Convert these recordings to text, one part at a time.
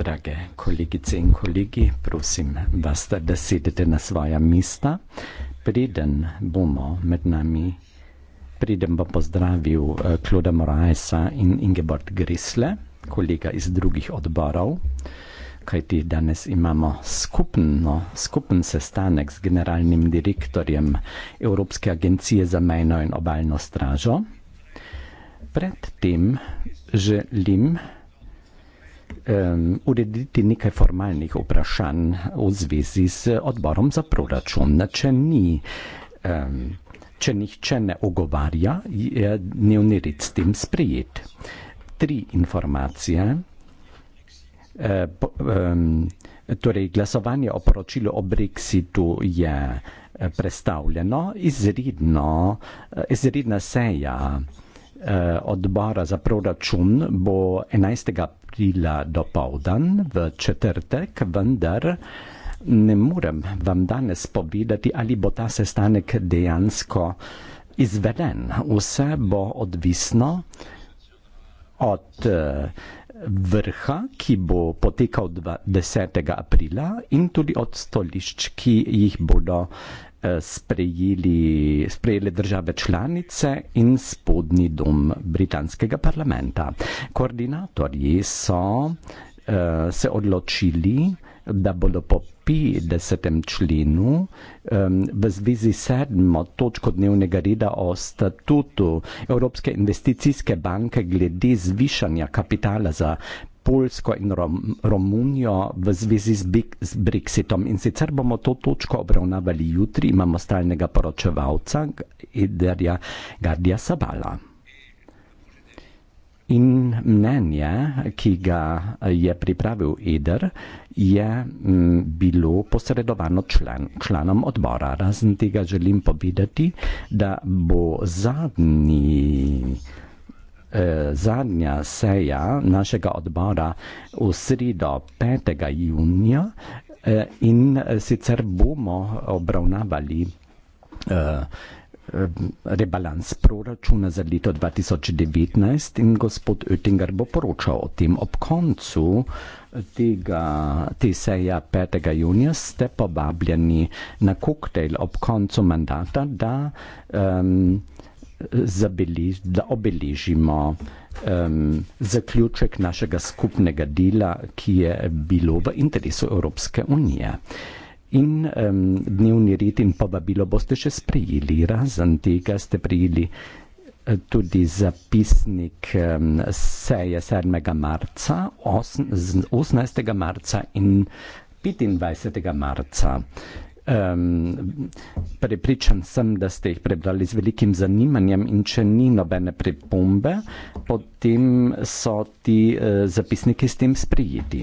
Drage kolegice in kolegi, prosim vas, da sedete na svoja mesta. Preden bomo med nami, preden bom pozdravil eh, Kloda Morajsa in Ingeborg Grisle, kolega iz drugih odborov, kajti danes imamo skupno, skupen sestanek z generalnim direktorjem Evropske agencije za mejno in obaljno stražo predtem želim um, urediti nekaj formalnih vprašanj v zvezi z odborom za proračun. Če, ni, um, če nihče ne ogovarja, je dnevni red s tem sprejet. Tri informacije. Uh, um, torej glasovanje o poročilu o Brexitu je e, prestavljeno, izredno, e, izredna seja. Eh, odbora za proračun bo 11. aprila do povdan v četrtek, vendar ne morem vam danes povedati, ali bo ta sestanek dejansko izveden. Vse bo odvisno od eh, vrha, ki bo potekal 10. aprila in tudi od stolišč, ki jih bodo Eh, sprejeli, sprejeli države članice in spodnji dom britanskega parlamenta. Koordinatorji so eh, se odločili, da bodo po 50. členu um, v zvezi sedmo točko dnevnega reda o statutu Evropske investicijske banke glede zvišanja kapitala za Polsko in Rom, Romunijo v zvezi z, Big, z Brexitom. In sicer bomo to točko obravnavali jutri, imamo stalnega poročevalca Ederja Gardija Sabala. In mnenje, ki ga je pripravil Eder, je m, bilo posredovano člen, članom odbora. Razen tega želim povedati, da bo zadnji. Eh, zadnja seja našega odbora v sredo 5. junija eh, in eh, sicer bomo obravnavali rebalans proračuna za leto 2019 in gospod Oettinger bo poročal o tem. Ob koncu tega, te seja 5. junija ste povabljeni na koktejl ob koncu mandata, da um, zabeliž, da obeležimo um, zaključek našega skupnega dela, ki je bilo v interesu Evropske unije. In um, dnevni red in povabilo boste še sprejeli, razen tega ste prejeli eh, tudi zapisnik um, seje 7. marca, 18. marca in 25. marca. Um, prepričan sem, da ste jih prebrali z velikim zanimanjem in če ni nobene pripombe, potem so ti uh, zapisniki s tem sprijeti.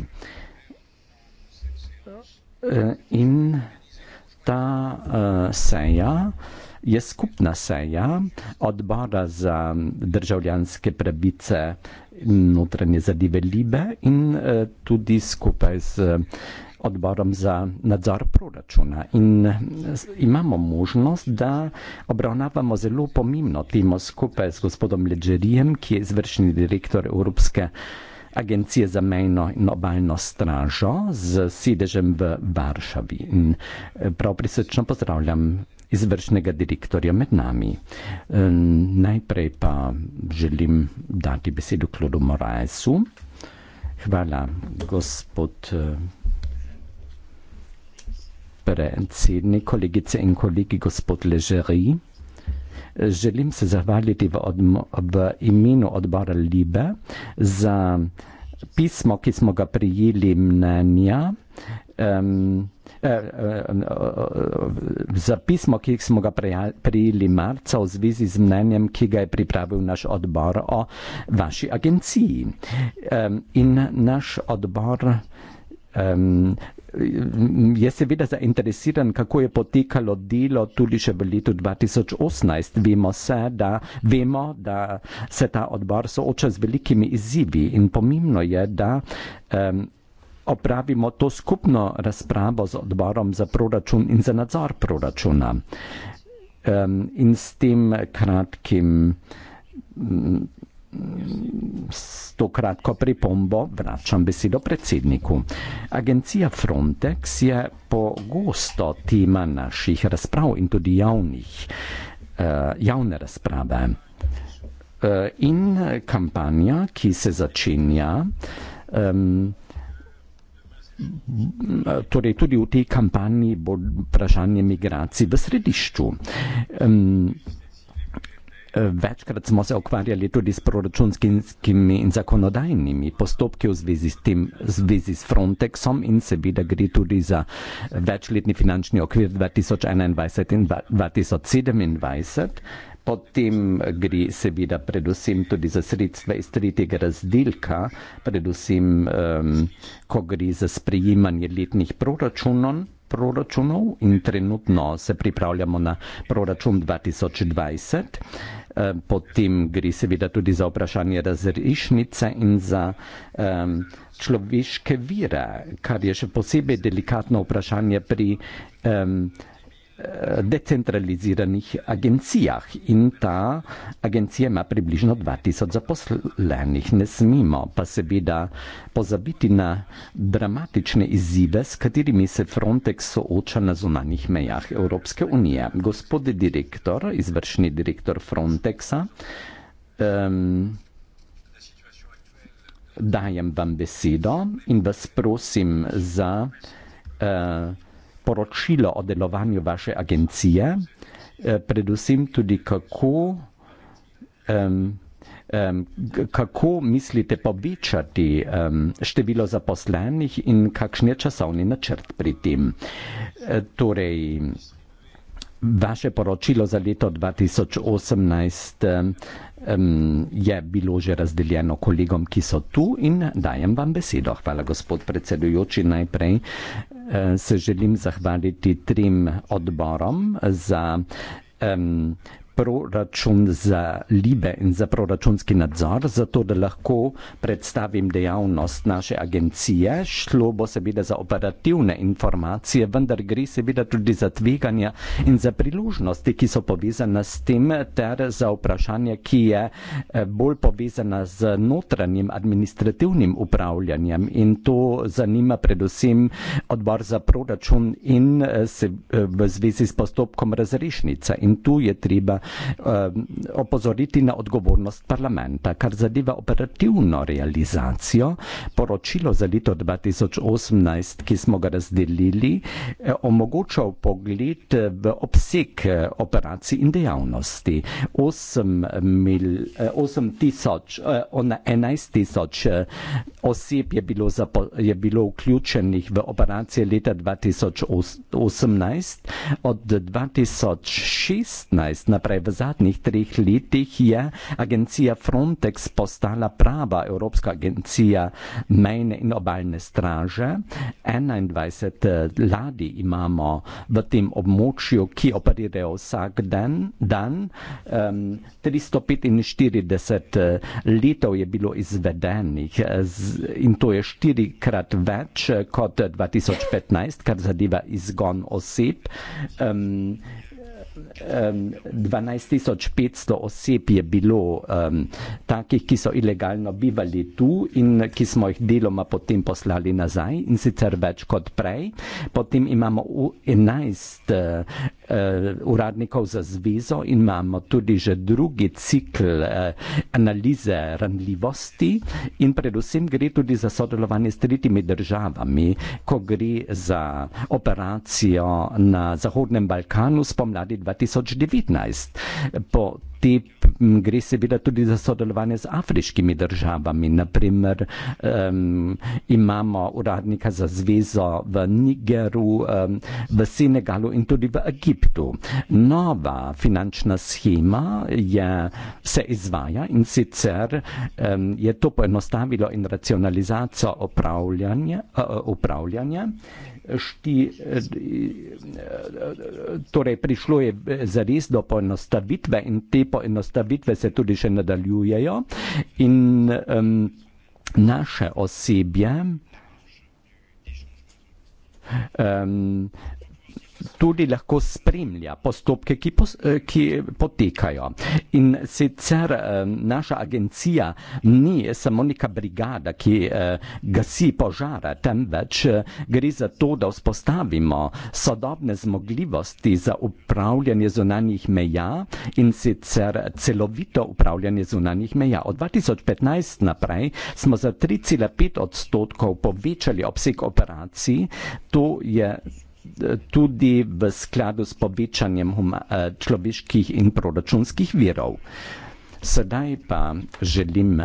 Uh, eh, in ta uh, seja je skupna seja odbora za državljanske pravice notranje zadeve Libe in uh, tudi skupaj z. Uh, odborom za nadzor proračuna. In imamo možnost, da obravnavamo zelo pomembno temo skupaj s gospodom Ledžerijem, ki je izvršni direktor Evropske agencije za mejno in obaljno stražo z sedežem v Varšavi. In eh, prav prisrčno pozdravljam izvršnega direktorja med nami. E, najprej pa želim dati besedo Klodu Moraesu. Hvala, gospod eh, predsednik, kolegice in kolegi, gospod Ležeri. Želim se zahvaliti v, v imenu odbora Libe za pismo, ki smo ga prijeli mnenja. Um, Za pismo, ki smo ga prijeli marca, v zvezi z mnenjem, ki ga je pripravil naš odbor o vaši agenciji. In naš odbor Jaz seveda zainteresiran, kako je potekalo delo tudi še v letu 2018. Vemo, se, da, vemo, da se ta odbor sooča z velikimi izzivi in pomembno je, da um, opravimo to skupno razpravo z odborom za proračun in za nadzor proračuna. Um, in s tem kratkim. S to kratko pripombo vračam besedo predsedniku. Agencija Frontex je pogosto tema naših razprav in tudi javnih, eh, javne razprave. Eh, in kampanja, ki se začenja, torej tudi v tej kampanji bo vprašanje migracij v središču. Večkrat smo se ukvarjali tudi s proračunskimi in zakonodajnimi postopki v zvezi s tem, v zvezi s Frontexom in seveda gre tudi za večletni finančni okvir 2021 in 2027. Potem gre seveda predvsem tudi za sredstva iz tretjega razdelka, predvsem um, ko gre za sprejemanje letnih proračunov proračunov in trenutno se pripravljamo na proračun 2020. Eh, potem gre seveda tudi za vprašanje razrešnice in za um, človeške vire, kar je še posebej delikatno vprašanje pri um, decentraliziranih agencijah in ta agencija ima približno 2000 zaposlenih. Ne smemo pa seveda pozabiti na dramatične izzive, s katerimi se Frontex sooča na zunanjih mejah Evropske unije. Gospod direktor, izvršni direktor Frontexa, um, dajem vam besedo in vas prosim za uh, poročilo o delovanju vaše agencije, eh, predvsem tudi kako, um, um, kako mislite povečati um, število zaposlenih in kakšen je časovni načrt pri tem. Eh, torej, Vaše poročilo za leto 2018 um, je bilo že razdeljeno kolegom, ki so tu in dajem vam besedo. Hvala, gospod predsedujoči. Najprej uh, se želim zahvaliti trim odborom za um, proračun za libe in za proračunski nadzor, zato da lahko predstavim dejavnost naše agencije. Šlo bo seveda za operativne informacije, vendar gre seveda tudi za tveganja in za priložnosti, ki so povezane s tem, ter za vprašanje, ki je eh, bolj povezana z notranjim administrativnim upravljanjem. In to zanima predvsem odbor za proračun in eh, se, eh, v zvezi s postopkom razrešnice. In tu je treba, Eh, opozoriti na odgovornost parlamenta, kar zadeva operativno realizacijo. Poročilo za leto 2018, ki smo ga razdelili, eh, omogoča pogled v obseg eh, operacij in dejavnosti. 11 tisoč oseb je bilo, zapo, je bilo vključenih v operacije leta 2018, od 2016 naprej torej v zadnjih treh letih je agencija Frontex postala prava Evropska agencija mejne in obaljne straže. 21 eh, ladij imamo v tem območju, ki operirajo vsak dan. dan. Um, 345 eh, letov je bilo izvedenih eh, in to je štirikrat več kot 2015, kar zadeva izgon oseb. Um, Um, 12500 oseb je bilo um, takih, ki so ilegalno bivali tu in ki smo jih deloma potem poslali nazaj in sicer več kot prej. Potem imamo 11 uh, Eh, uradnikov za zvezo in imamo tudi že drugi cikl eh, analize ranljivosti in predvsem gre tudi za sodelovanje s tretjimi državami, ko gre za operacijo na Zahodnem Balkanu spomladi 2019 te, gre seveda tudi za sodelovanje z afriškimi državami. Naprimer, um, imamo uradnika za zvezo v Nigeru, um, v Senegalu in tudi v Egiptu. Nova finančna schema je, se izvaja in sicer um, je to poenostavilo in racionalizacijo upravljanja. Uh, e, e, upravljanja šti, torej prišlo je zares do poenostavitve in te poenostavitve se tudi še nadaljujejo in um, naše osebje um, tudi lahko spremlja postopke, ki, pos, eh, ki potekajo. In sicer eh, naša agencija ni samo neka brigada, ki eh, gasi požare, temveč gre za to, da vzpostavimo sodobne zmogljivosti za upravljanje zunanjih meja in sicer celovito upravljanje zunanjih meja. Od 2015 naprej smo za 3,5 odstotkov povečali obseg operacij, to je tudi v skladu s povečanjem eh, človeških in proračunskih virov. Sedaj pa želim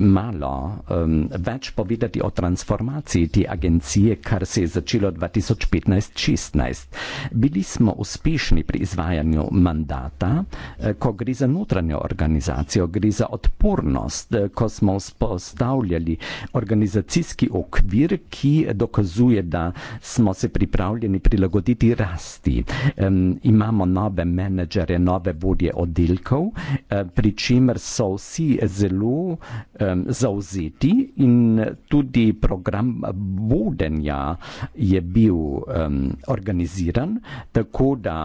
malo, um, več povedati o transformaciji te agencije, kar se je začelo 2015-16. Bili smo uspešni pri izvajanju mandata, eh, ko gre za notranjo organizacijo, gre za odpornost, eh, ko smo vzpostavljali organizacijski okvir, ki dokazuje, da smo se pripravljeni prilagoditi rasti. Um, imamo nove menedžere, nove vodje oddelkov, uh, pri čemer so vsi zelo uh, Eh, zauzeti in tudi program vodenja je bil um, organiziran, tako da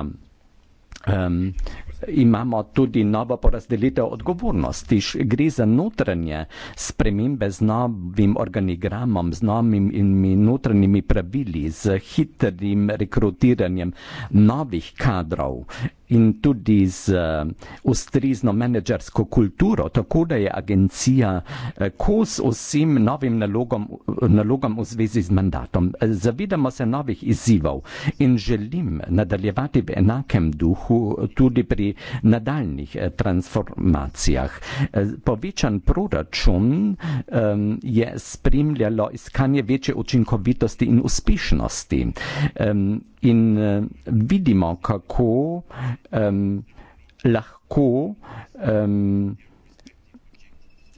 Um, imamo tudi novo porazdelitev odgovornosti, gre za notranje spremembe z novim organigramom, z novimi notranjimi pravili, z hitrim rekrutiranjem novih kadrov in tudi z eh, ustrezno menedžersko kulturo, tako da je agencija eh, kos vsem novim nalogom, nalogom v zvezi z mandatom. Zavedamo se novih izzivov in želim nadaljevati v enakem duhu uspehu tudi pri nadaljnih eh, transformacijah. Eh, povečan proračun ehm, je spremljalo iskanje večje učinkovitosti in uspešnosti. Ehm, in eh, vidimo, kako ehm, lahko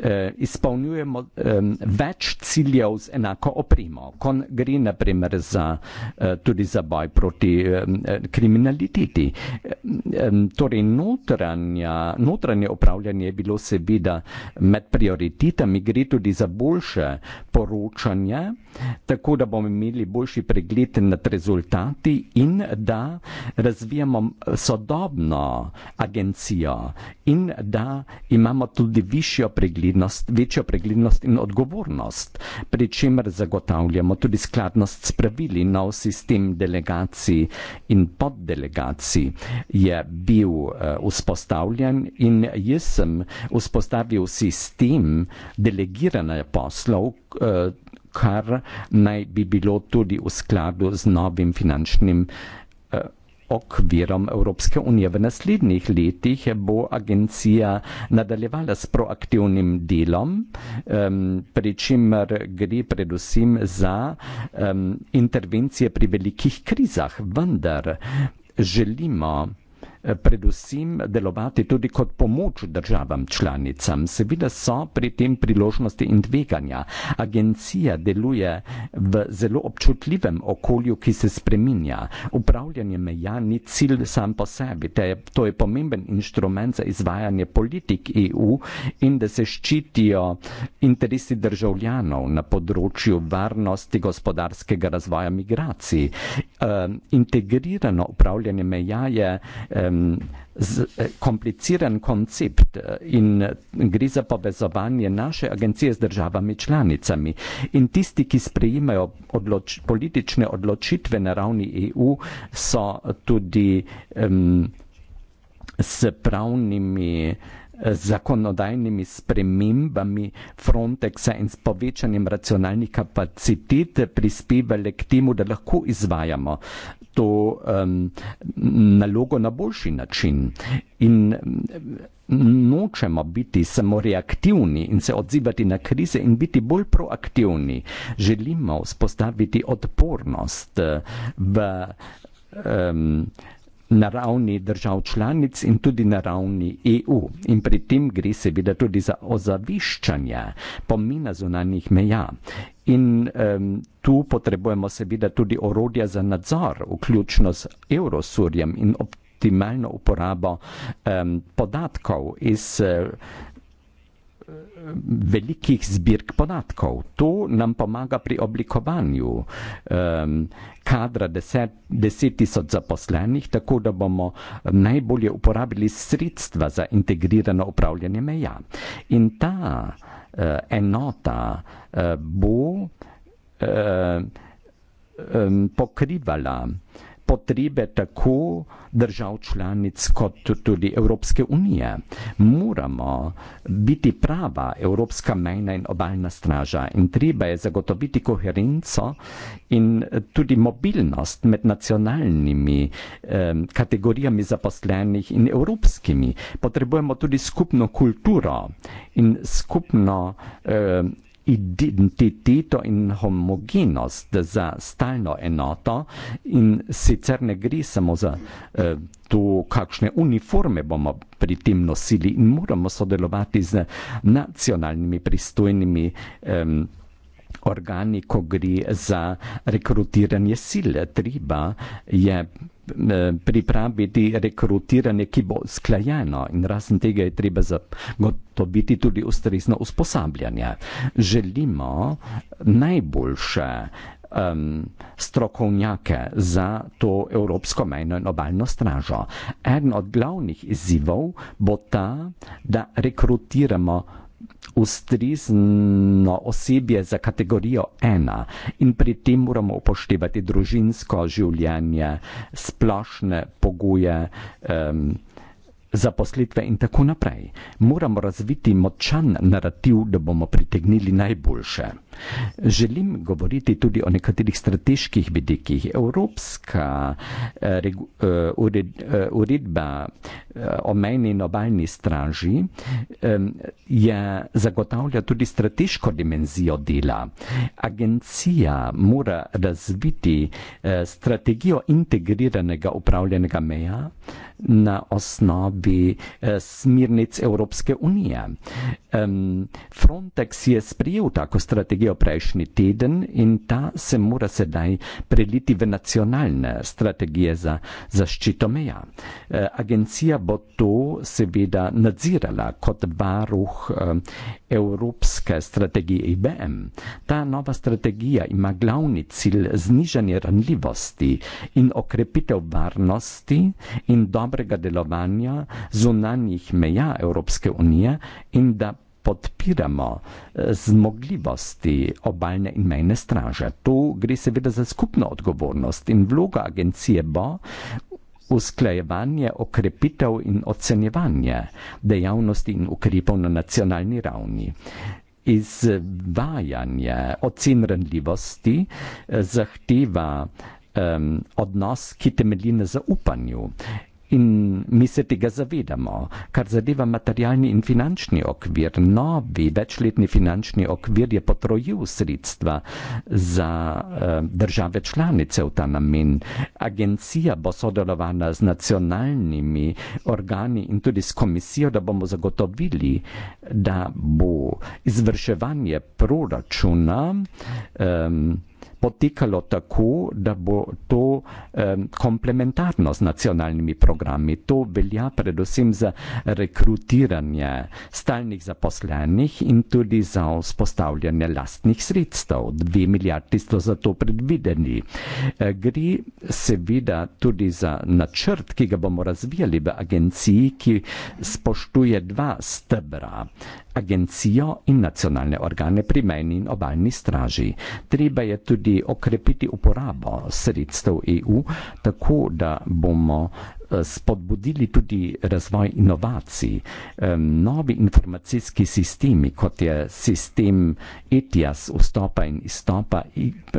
eh, izpolnjujemo eh, več ciljev z enako opremo. Ko gre naprimer za, eh, tudi za boj proti eh, kriminaliteti. Eh, torej notranja, notranje upravljanje je bilo seveda med prioritetami, gre tudi za boljše poročanje, tako da bomo imeli boljši pregled nad rezultati in da razvijamo sodobno agencijo in da imamo tudi višjo pregled preglednost, večjo preglednost in odgovornost, pri čemer zagotavljamo tudi skladnost s pravili nov sistem delegacij in poddelegacij je bil uh, vzpostavljen in jaz sem vzpostavil sistem delegiranja poslov, uh, kar naj bi bilo tudi v skladu z novim finančnim uh, okvirom Evropske unije. V naslednjih letih bo agencija nadaljevala s proaktivnim delom, um, pri čemer gre predvsem za um, intervencije pri velikih krizah, vendar želimo, predvsem delovati tudi kot pomoč državam članicam. Seveda so pri tem priložnosti in tveganja. Agencija deluje v zelo občutljivem okolju, ki se spreminja. Upravljanje meja ni cilj sam po sebi, te, to je pomemben inštrument za izvajanje politik EU in da se ščitijo interesi državljanov na področju varnosti gospodarskega razvoja migracij um, integrirano upravljanje meja je um, z, eh, kompliciran koncept eh, in eh, gre za povezovanje naše agencije z državami članicami. In tisti, ki sprejemajo odloč, politične odločitve na ravni EU, so tudi um, s pravnimi z zakonodajnimi spremembami Frontexa in s povečanjem racionalnih kapacitet prispevali k temu, da lahko izvajamo to um, nalogo na boljši način. In nočemo biti samo reaktivni in se odzivati na krize in biti bolj proaktivni. Želimo vzpostaviti odpornost eh, v. Um, na ravni držav članic in tudi na ravni EU. In pri tem gre seveda tudi za ozaviščanje pomina zunanjih meja. In um, tu potrebujemo seveda tudi orodja za nadzor, vključno s Eurosurjem in optimalno uporabo um, podatkov iz. Uh, velikih zbirk podatkov. To nam pomaga pri oblikovanju um, kadra 10 tisoč zaposlenih, tako da bomo najbolje uporabili sredstva za integrirano upravljanje meja. In ta uh, enota uh, bo uh, um, pokrivala uh, potrebe tako držav članic kot tudi Evropske unije. Moramo biti prava Evropska mejna in obaljna straža in treba je zagotoviti koherenco in tudi mobilnost med nacionalnimi eh, kategorijami zaposlenih in evropskimi. Potrebujemo tudi skupno kulturo in skupno eh, identiteto in homogenost za stalno enoto in sicer ne gre samo za eh, to, kakšne uniforme bomo pri tem nosili in moramo sodelovati z nacionalnimi pristojnimi eh, organi, ko gre za rekrutiranje sile. Treba je Eh, pripraviti rekrutiranje, ki bo sklajeno in razen tega je treba zagotoviti tudi ustrezno usposabljanje. Želimo najboljše um, strokovnjake za to Evropsko mejno in obaljno stražo. Eden od glavnih izzivov bo ta, da rekrutiramo ustrezno osebje za kategorijo ena in pri tem moramo upoštevati družinsko življenje, splošne pogoje. Um, zaposlitve in tako naprej. Moramo razviti močan narativ, da bomo pritegnili najboljše. Želim govoriti tudi o nekaterih strateških vidikih. Evropska eh, eh ured, eh, uredba eh, o mejni in obaljni straži eh, je, zagotavlja tudi strateško dimenzijo dela. Agencija mora razviti eh, strategijo integriranega upravljenega meja na osnovi izvedbi eh, smirnic Evropske unije. Um, Frontex je sprijel tako strategijo prejšnji teden in ta se mora sedaj preliti v nacionalne strategije za zaščito meja. Eh, agencija bo to seveda nadzirala kot varuh eh, Evropske strategije IBM. Ta nova strategija ima glavni cilj znižanje ranljivosti in okrepitev varnosti in dobrega delovanja zunanjih meja Evropske unije in da podpiramo eh, zmogljivosti obaljne in mejne straže. Tu gre seveda za skupno odgovornost in vloga agencije bo usklajevanje, okrepitev in ocenjevanje dejavnosti in ukrepov na nacionalni ravni. Izvajanje ocen randljivosti eh, zahteva um, odnos, ki temelji na zaupanju In mi se tega zavedamo, kar zadeva materialni in finančni okvir. Novi večletni finančni okvir je potrojil sredstva za eh, države članice v ta namen. Agencija bo sodelovala z nacionalnimi organi in tudi s komisijo, da bomo zagotovili, da bo izvrševanje proračuna. Eh, potekalo tako, da bo to eh, komplementarno z nacionalnimi programi. To velja predvsem za rekrutiranje stalnih zaposlenih in tudi za vzpostavljanje lastnih sredstev. Dve milijardi so za to predvideni. Eh, gre seveda tudi za načrt, ki ga bomo razvijali v agenciji, ki spoštuje dva stebra. Eh, agencijo in nacionalne organe pri mejni in obaljni straži. Treba je tudi okrepiti uporabo sredstev EU, tako da bomo eh, spodbudili tudi razvoj inovacij. Novi informacijski sistemi, kot je sistem ETIAS vstopa in izstopa,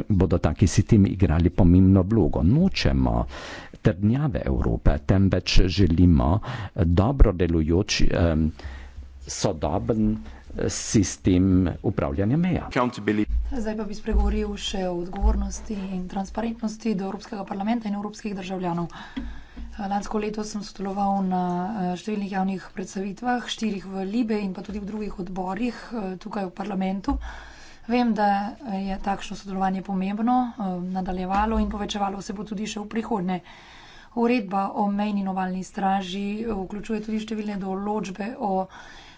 bodo taki sistemi igrali pomembno vlogo. Nočemo trdnjave Evrope, temveč želimo eh, dobro delujoči. Um, sodoben eh, sistem upravljanja meja. Zdaj pa bi spregovoril še o odgovornosti in transparentnosti do Evropskega parlamenta in evropskih državljanov. Eh, lansko leto sem sodeloval na eh, številnih javnih predstavitvah, štirih v Libe in pa tudi v drugih odborih tukaj v parlamentu. Vem, da je takšno sodelovanje pomembno, nadaljevalo in povečevalo se bo tudi še v prihodnje. Uredba o mejni novalni straži vključuje tudi številne določbe o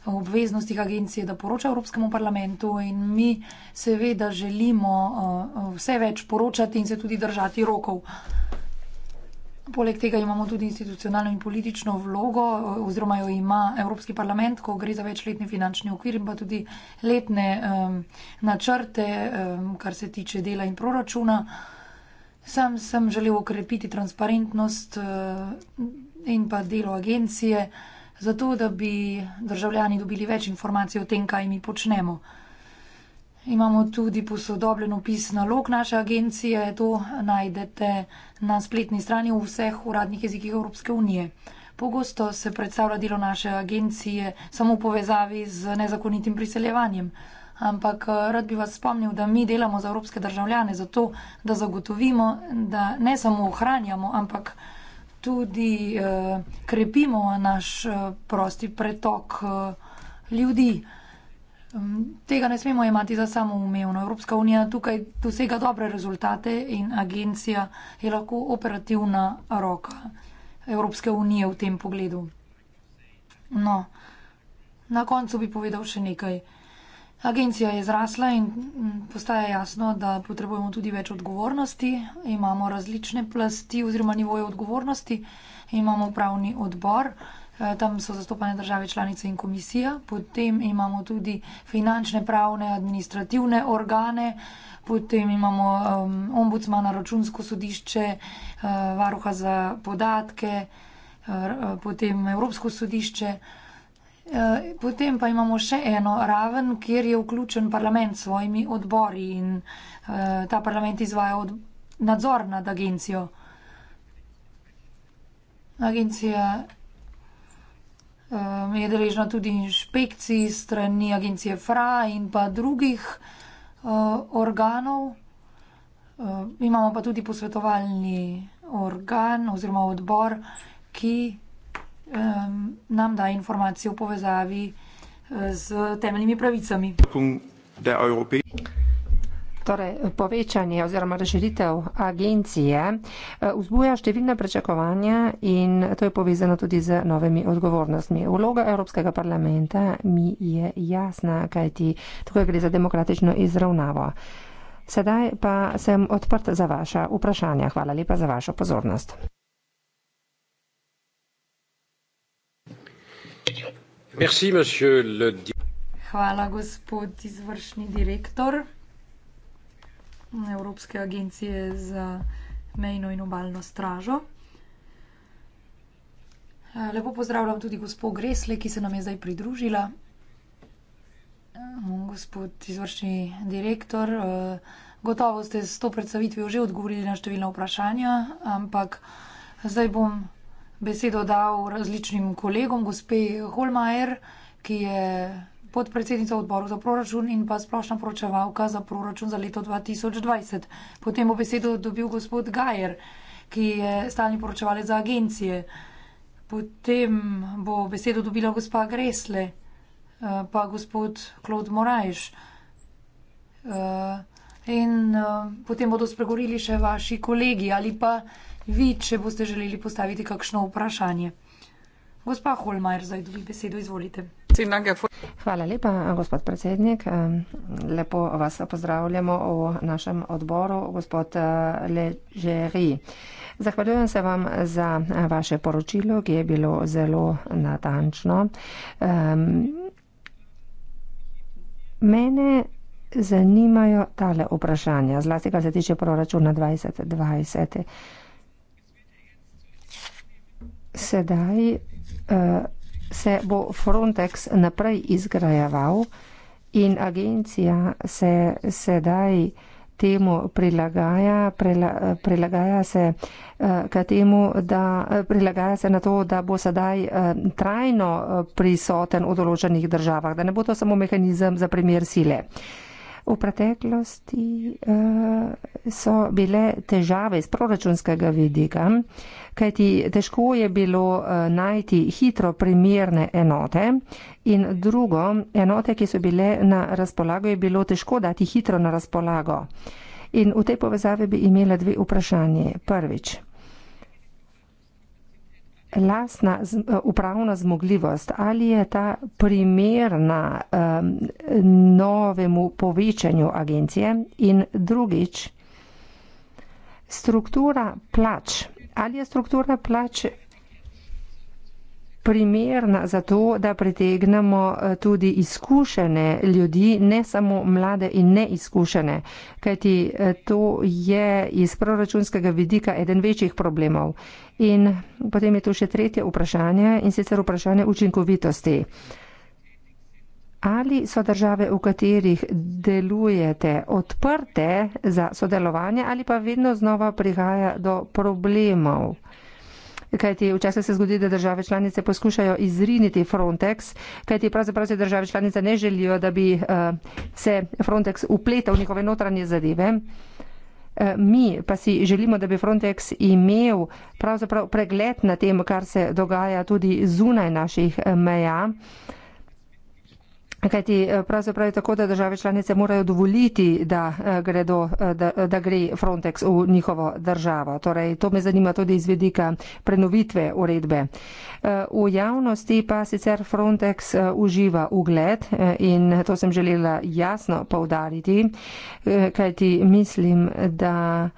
obveznostih agencije, da poroča Evropskemu parlamentu in mi seveda želimo uh, vse več poročati in se tudi držati rokov. Poleg tega imamo tudi institucionalno in politično vlogo, uh, oziroma jo ima Evropski parlament, ko gre za večletni finančni okvir in pa tudi letne um, načrte, um, kar se tiče dela in proračuna. Sam sem želel okrepiti transparentnost uh, in pa delo agencije zato da bi državljani dobili več informacij o tem, kaj mi počnemo. Imamo tudi posodobljen opis nalog naše agencije, to najdete na spletni strani v vseh uradnih jezikih Evropske unije. Pogosto se predstavlja delo naše agencije samo v povezavi z nezakonitim priseljevanjem, ampak eh, rad bi vas spomnil, da mi delamo za evropske državljane, zato da zagotovimo, da ne samo ohranjamo, ampak tudi uh, krepimo naš uh, prosti pretok uh, ljudi. Um, tega ne smemo imati za samoumevno. Evropska unija tukaj dosega dobre rezultate in agencija je lahko operativna roka Evropske unije v tem pogledu. No, na koncu bi povedal še nekaj. Uh, Agencija je zrasla in mm, postaje jasno, da potrebujemo tudi več odgovornosti. Imamo različne plasti oziroma nivoje odgovornosti. Imamo upravni odbor, eh, tam so zastopane države članice in komisija, potem imamo tudi finančne, pravne, administrativne organe, potem imamo um, ombudsmana, računsko sodišče, uh, varuha za podatke, uh, potem Evropsko sodišče. Uh, Eh, potem pa imamo še eno raven, kjer je vključen parlament s svojimi odbori in eh, ta parlament izvaja nadzor nad agencijo. Agencija eh, je deležna tudi inšpekciji strani agencije FRA in pa drugih organov. Imamo pa tudi posvetovalni organ oziroma odbor, ki nam daje informacije v povezavi eh, z temeljnimi pravicami. Torej, povečanje oziroma razširitev agencije eh, vzbuja številne prečakovanja in to je povezano tudi z novimi odgovornostmi. Vloga Evropskega parlamenta mi je jasna, kajti tukaj gre za demokratično izravnavo. Sedaj pa sem odprt za vaša vprašanja. Hvala lepa za vašo pozornost. Merci, monsieur le... Hvala, gospod izvršni direktor Evropske agencije za mejno in obaljno stražo. Lepo pozdravljam tudi gospod Gresle, ki se nam je zdaj pridružila. Mm, gospod izvršni direktor, eh, gotovo ste s to predstavitvijo že odgovorili na številna vprašanja, ampak zdaj bom besedo dal različnim kolegom, gospe Holmajer, ki je podpredsednica odboru za proračun in pa splošna poročevalka za proračun za leto 2020. Potem bo besedo dobil gospod Gajer, ki je stalni poročevalec za agencije. Potem bo besedo dobila gospa Gresle, eh, pa gospod Klod Morajš. Eh, in uh, potem bodo spregovorili še vaši kolegi ali pa vi, če boste želeli postaviti kakšno vprašanje. Gospa Holmajer, zdaj dobi besedo, izvolite. Hvala lepa, gospod predsednik. Lepo vas pozdravljamo v našem odboru, gospod eh, Ležeri. Zahvaljujem se vam za eh, vaše poročilo, ki je bilo zelo natančno. Mene zanimajo tale vprašanja, zlasti kar se tiče proračuna 2020. Sedaj uh, se bo Frontex naprej izgrajeval in agencija se sedaj temu prilagaja, prela, prilagaja se uh, k temu, da eh, prilagaja se na to, da bo sedaj uh, trajno prisoten v določenih državah, da ne bo to samo mehanizem za primer sile. Uh, V preteklosti uh, so bile težave iz proračunskega vidika, kajti težko je bilo uh, najti hitro primerne enote in drugo, enote, ki so bile na razpolago, je bilo težko dati hitro na razpolago. In v tej povezavi bi imela dve vprašanje. Prvič lasna eh, upravna zmogljivost, ali je ta primerna um, novemu povečanju agencije in drugič, struktura plač, ali je struktura plač primerna za to, da pritegnemo eh, tudi izkušene ljudi, ne samo mlade in neizkušene, kajti eh, to je iz proračunskega vidika eden večjih problemov. In potem je tu še tretje vprašanje in sicer vprašanje učinkovitosti. Ali so države, v katerih delujete, odprte za sodelovanje ali pa vedno znova prihaja do problemov? kajti včasih se zgodi, da države članice poskušajo izriniti Frontex, kajti pravzaprav se države članice ne želijo, da bi eh, se Frontex upletal v njihove notranje zadeve. Eh, mi pa si želimo, da bi Frontex imel pravzaprav pregled na tem, kar se dogaja tudi zunaj naših eh, meja. Kajti eh, pravzaprav je tako, da države članice morajo dovoliti, da, eh, gredo, eh, da, da gre Frontex v njihovo državo. Torej, to me zanima tudi iz vedika prenovitve uredbe. V javnosti pa sicer Frontex uživa ugled in to sem želela jasno povdariti, kajti mislim, da.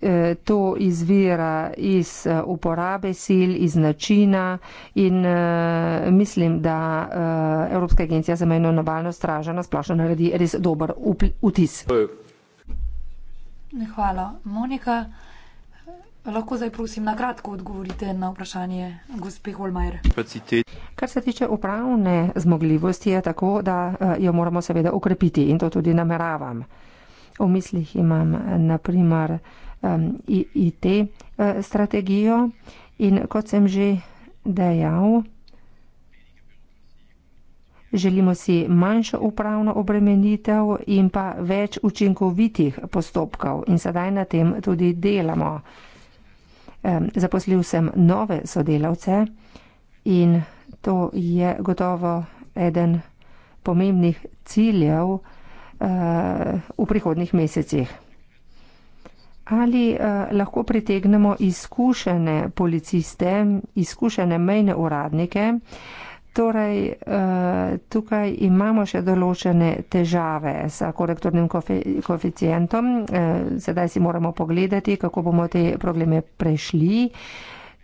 Eh, to izvira iz eh, uporabe sil, iz načina in eh, mislim, da Evropska agencija za mejno in obalno stražo nasplošno naredi res dober vtis. Hvala. Monika, lahko zdaj prosim na kratko odgovorite na vprašanje gospe Holmajer. Kar se tiče upravne zmogljivosti, je tako, da jo moramo seveda ukrepiti in to tudi nameravam. V mislih imam naprimer um, IT uh, strategijo in kot sem že dejal, želimo si manjšo upravno obremenitev in pa več učinkovitih postopkov in sedaj na tem tudi delamo. Um, zaposlil sem nove sodelavce in to je gotovo eden pomembnih ciljev uh, v prihodnih mesecih. Ali eh, lahko pritegnemo izkušene policiste, izkušene mejne uradnike? Torej, eh, tukaj imamo še določene težave s korektornim koeficientom. Eh, sedaj si moramo pogledati, kako bomo te probleme prešli.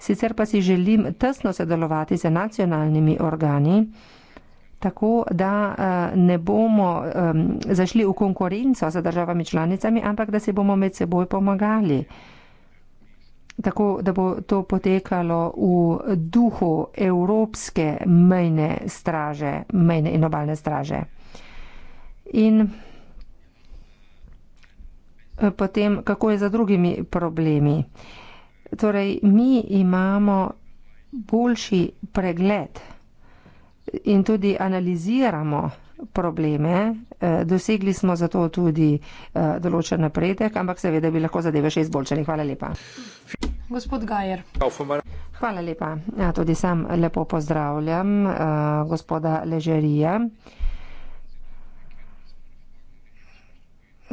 Sicer pa si želim tesno sodelovati z nacionalnimi organi tako da eh, ne bomo zašli v konkurenco z državami članicami, ampak da si bomo med seboj pomagali. Tako da bo to potekalo v duhu evropske mejne straže, mejne in obalne straže. In eh, potem, kako je za drugimi problemi? Torej, mi imamo boljši pregled in tudi analiziramo probleme, eh, dosegli smo zato tudi eh, določen napredek, ampak seveda bi lahko zadeve še izboljšali. Hvala lepa. Gospod Gajer. Hvala lepa. Ja, tudi sam lepo pozdravljam uh, gospoda Ležerija.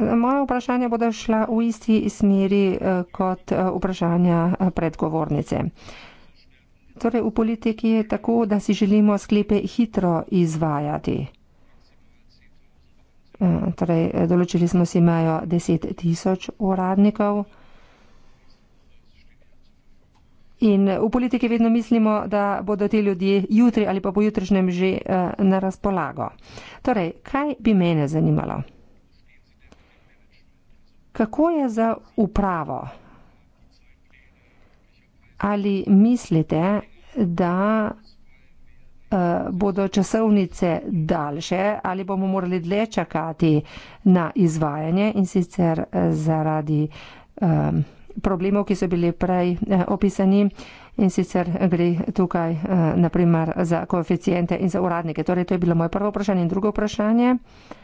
Moja vprašanja bodo šla v isti smeri uh, kot uh, vprašanja predgovornice. Uh, Torej, v politiki je tako, da si želimo sklepe hitro izvajati. E, torej, določili smo si imajo 10 tisoč uradnikov. In v politiki vedno mislimo, da bodo ti ljudje jutri ali pa pojutrišnjem že e, na razpolago. Torej, kaj bi mene zanimalo? Kako je za upravo? Ali mislite, da uh, bodo časovnice daljše ali bomo morali dlje čakati na izvajanje in sicer eh, zaradi um, problemov, ki so bili prej opisani in sicer gre tukaj uh, naprimer za koeficijente in za uradnike. Torej, to je bilo moje prvo vprašanje in drugo vprašanje. Uh,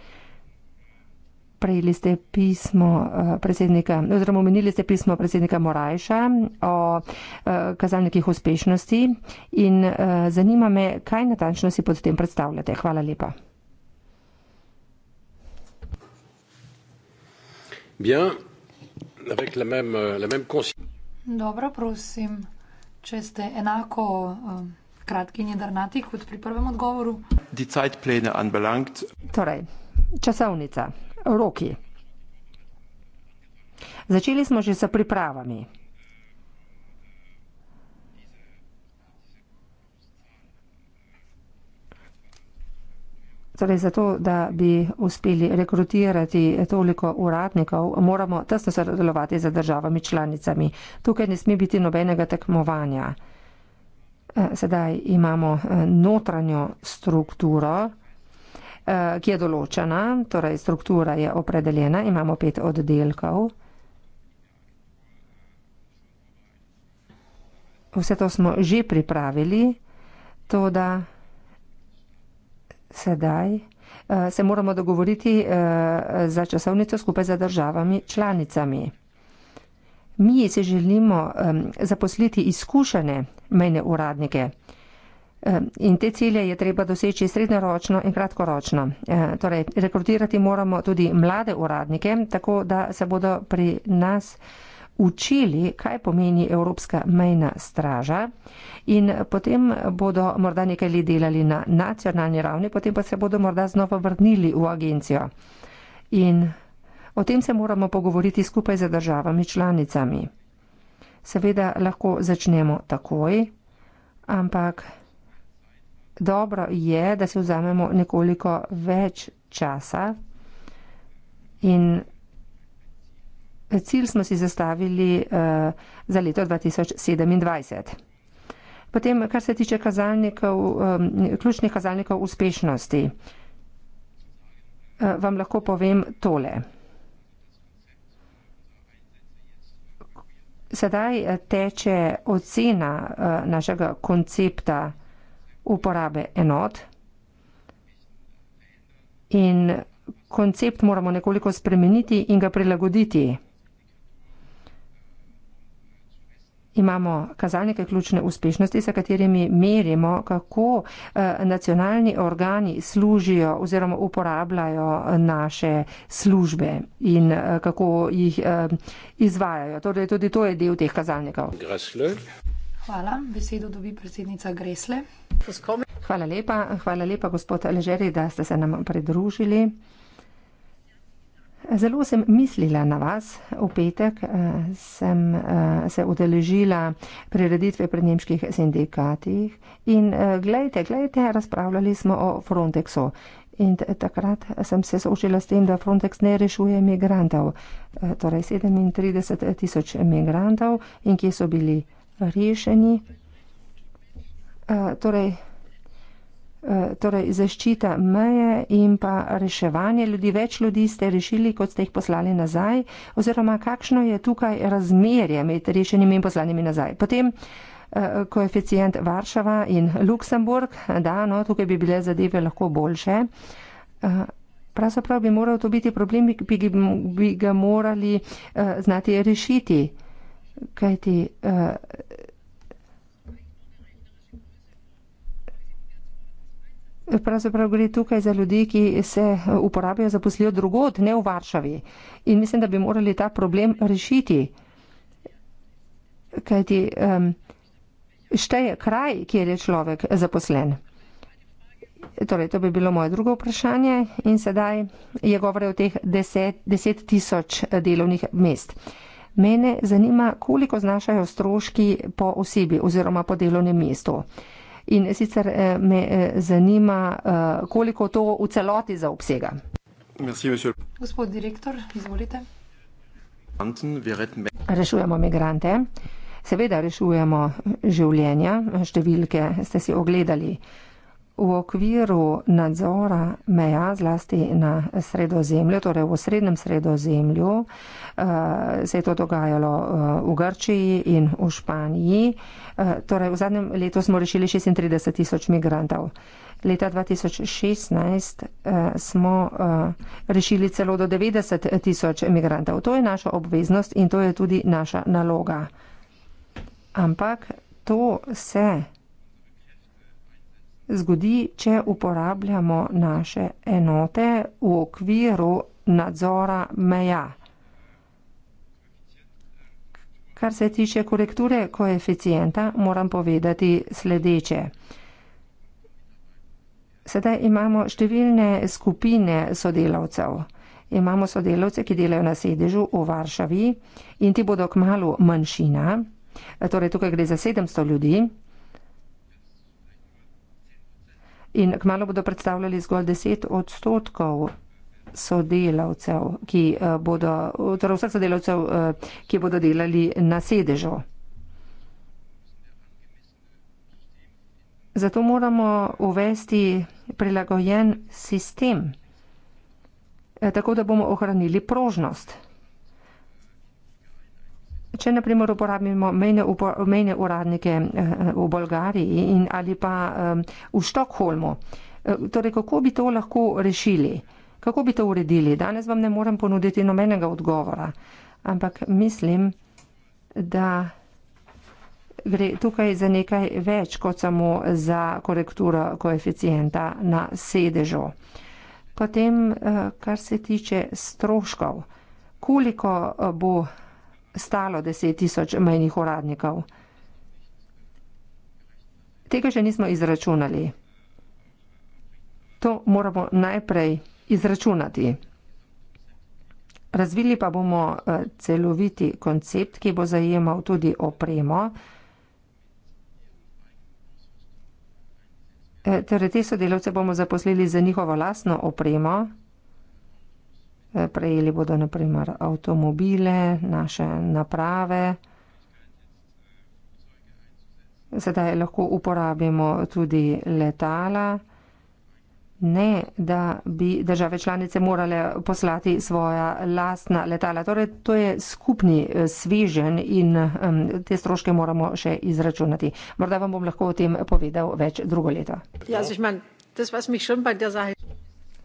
Prejeli ste pismo eh, predsednika, oziroma omenili ste pismo predsednika Morajša o eh, kazalnikih uspešnosti in eh, zanima me, kaj natančno si pod tem predstavljate. Hvala lepa. Dobro, prosim, če ste enako kratki in jedrnati kot pri prvem odgovoru. Torej, časovnica roki. Začeli smo že s pripravami. Torej, zato, da bi uspeli rekrutirati toliko uradnikov, moramo tesno sodelovati z državami članicami. Tukaj ne sme biti nobenega tekmovanja. Eh, sedaj imamo eh, notranjo strukturo. Eh, ki je določena, torej struktura je opredeljena, imamo pet oddelkov. Vse to smo že pripravili, to da sedaj eh, se moramo dogovoriti eh, za časovnico skupaj za državami članicami. Mi si želimo zaposliti izkušene mejne uradnike. In te cilje je treba doseči srednjeročno in kratkoročno. Torej, rekrutirati moramo tudi mlade uradnike, tako da se bodo pri nas učili, kaj pomeni Evropska mejna straža in potem bodo morda nekaj ljudi delali na nacionalni ravni, potem pa se bodo morda znova vrnili v agencijo. In o tem se moramo pogovoriti skupaj z državami članicami. Seveda lahko začnemo takoj, ampak dobro je, da si vzamemo nekoliko več časa in eh, cilj smo si zastavili uh, za leto 2027. Potem, kar se tiče kazalnikov, um, ključnih kazalnikov uspešnosti, uh, vam lahko povem tole. Sedaj teče ocena uh, našega koncepta uporabe enot in koncept moramo nekoliko spremeniti in ga prilagoditi. Imamo kazalnike ključne uspešnosti, sa katerimi merimo, kako eh, nacionalni organi služijo oziroma uporabljajo naše službe in eh, kako jih eh, izvajajo. Torej, tudi to je del teh kazalnikov. Grasle. Hvala. Besedo dobi predsednica Gresle. Hvala lepa, hvala lepa, gospod Alžeri, da ste se nam pridružili. Zelo sem mislila na vas. V petek eh, sem eh, se udeležila prireditve pred nemških sindikatih in eh, gledajte, gledajte, razpravljali smo o Frontexu. In takrat sem se soočila s tem, da Frontex ne rešuje migrantov, torej 37 tisoč migrantov in kje so bili rešeni. Eh, torej, eh, torej zaščita meje in pa reševanje ljudi. Več ljudi ste rešili, kot ste jih poslali nazaj, oziroma kakšno je tukaj razmerje med rešenimi in poslanimi nazaj. Potem eh, koeficient Varšava in Luksemburg. Da, no, tukaj bi bile zadeve lahko boljše. Pravzaprav bi moral to biti problem, ki bi ga morali znati rešiti kajti uh, pravzaprav gre tukaj za ljudi, ki se eh, uporabljajo za poslijo drugod, ne v Varšavi. In mislim, da bi morali ta problem rešiti. Kajti um, šteje kraj, kjer je človek zaposlen. Torej, to bi bilo moje drugo vprašanje in sedaj je govore o teh deset, deset tisoč eh, delovnih mest. Uh, Mene zanima, koliko znašajo stroški po osebi oziroma po delovnem mestu. In sicer eh, me eh, zanima, eh, koliko to v celoti zaobsega. Gospod direktor, izvolite. Rešujemo migrante. Seveda rešujemo življenja. Številke ste si ogledali v okviru nadzora meja, zlasti na sredozemlju, torej v srednjem sredozemlju, eh, se je to dogajalo eh, v Grčiji in v Španiji. Eh, torej v zadnjem letu smo rešili 36 tisoč migrantov. Leta 2016 smo rešili celo do 90 tisoč migrantov. To je naša obveznost in to je tudi naša naloga. Ampak to se zgodi, če uporabljamo naše enote v okviru nadzora meja. Kar se tiče korekture koeficijenta, moram povedati sledeče. Sedaj imamo številne skupine sodelavcev. Imamo sodelavce, ki delajo na sedežu v Varšavi in ti bodo kmalo manjšina, torej tukaj gre za 700 ljudi, in kmalo bodo predstavljali zgolj 10 odstotkov sodelavcev, ki eh, bodo, torej vseh sodelavcev, eh, ki bodo delali na sedežu. Zato moramo uvesti prilagojen sistem, eh, tako da bomo ohranili prožnost. Če na primer uporabimo mejne, mejne uradnike eh, v Bolgariji in ali pa eh, v Štokholmu, eh, torej kako bi to lahko rešili, kako bi to uredili? Danes vam ne morem ponuditi nobenega odgovora, ampak mislim, da gre tukaj za nekaj več kot samo za korekturo koeficijenta na sedežu. Potem, kar se tiče stroškov, koliko bo stalo 10 tisoč mejnih uradnikov. Tega še nismo izračunali. To moramo najprej izračunati. Razvili pa bomo eh, celoviti koncept, ki bo zajemal tudi opremo. Eh, torej, te sodelavce bomo zaposlili za njihovo lasno opremo. Eh, prejeli bodo naprimer avtomobile, naše naprave. Sedaj lahko uporabimo tudi letala. Ne, da bi države članice morale poslati svoja lastna letala. Torej, to je skupni eh, svežen in um, te stroške moramo še izračunati. Morda vam bom lahko o tem povedal več drugo leto. Ja,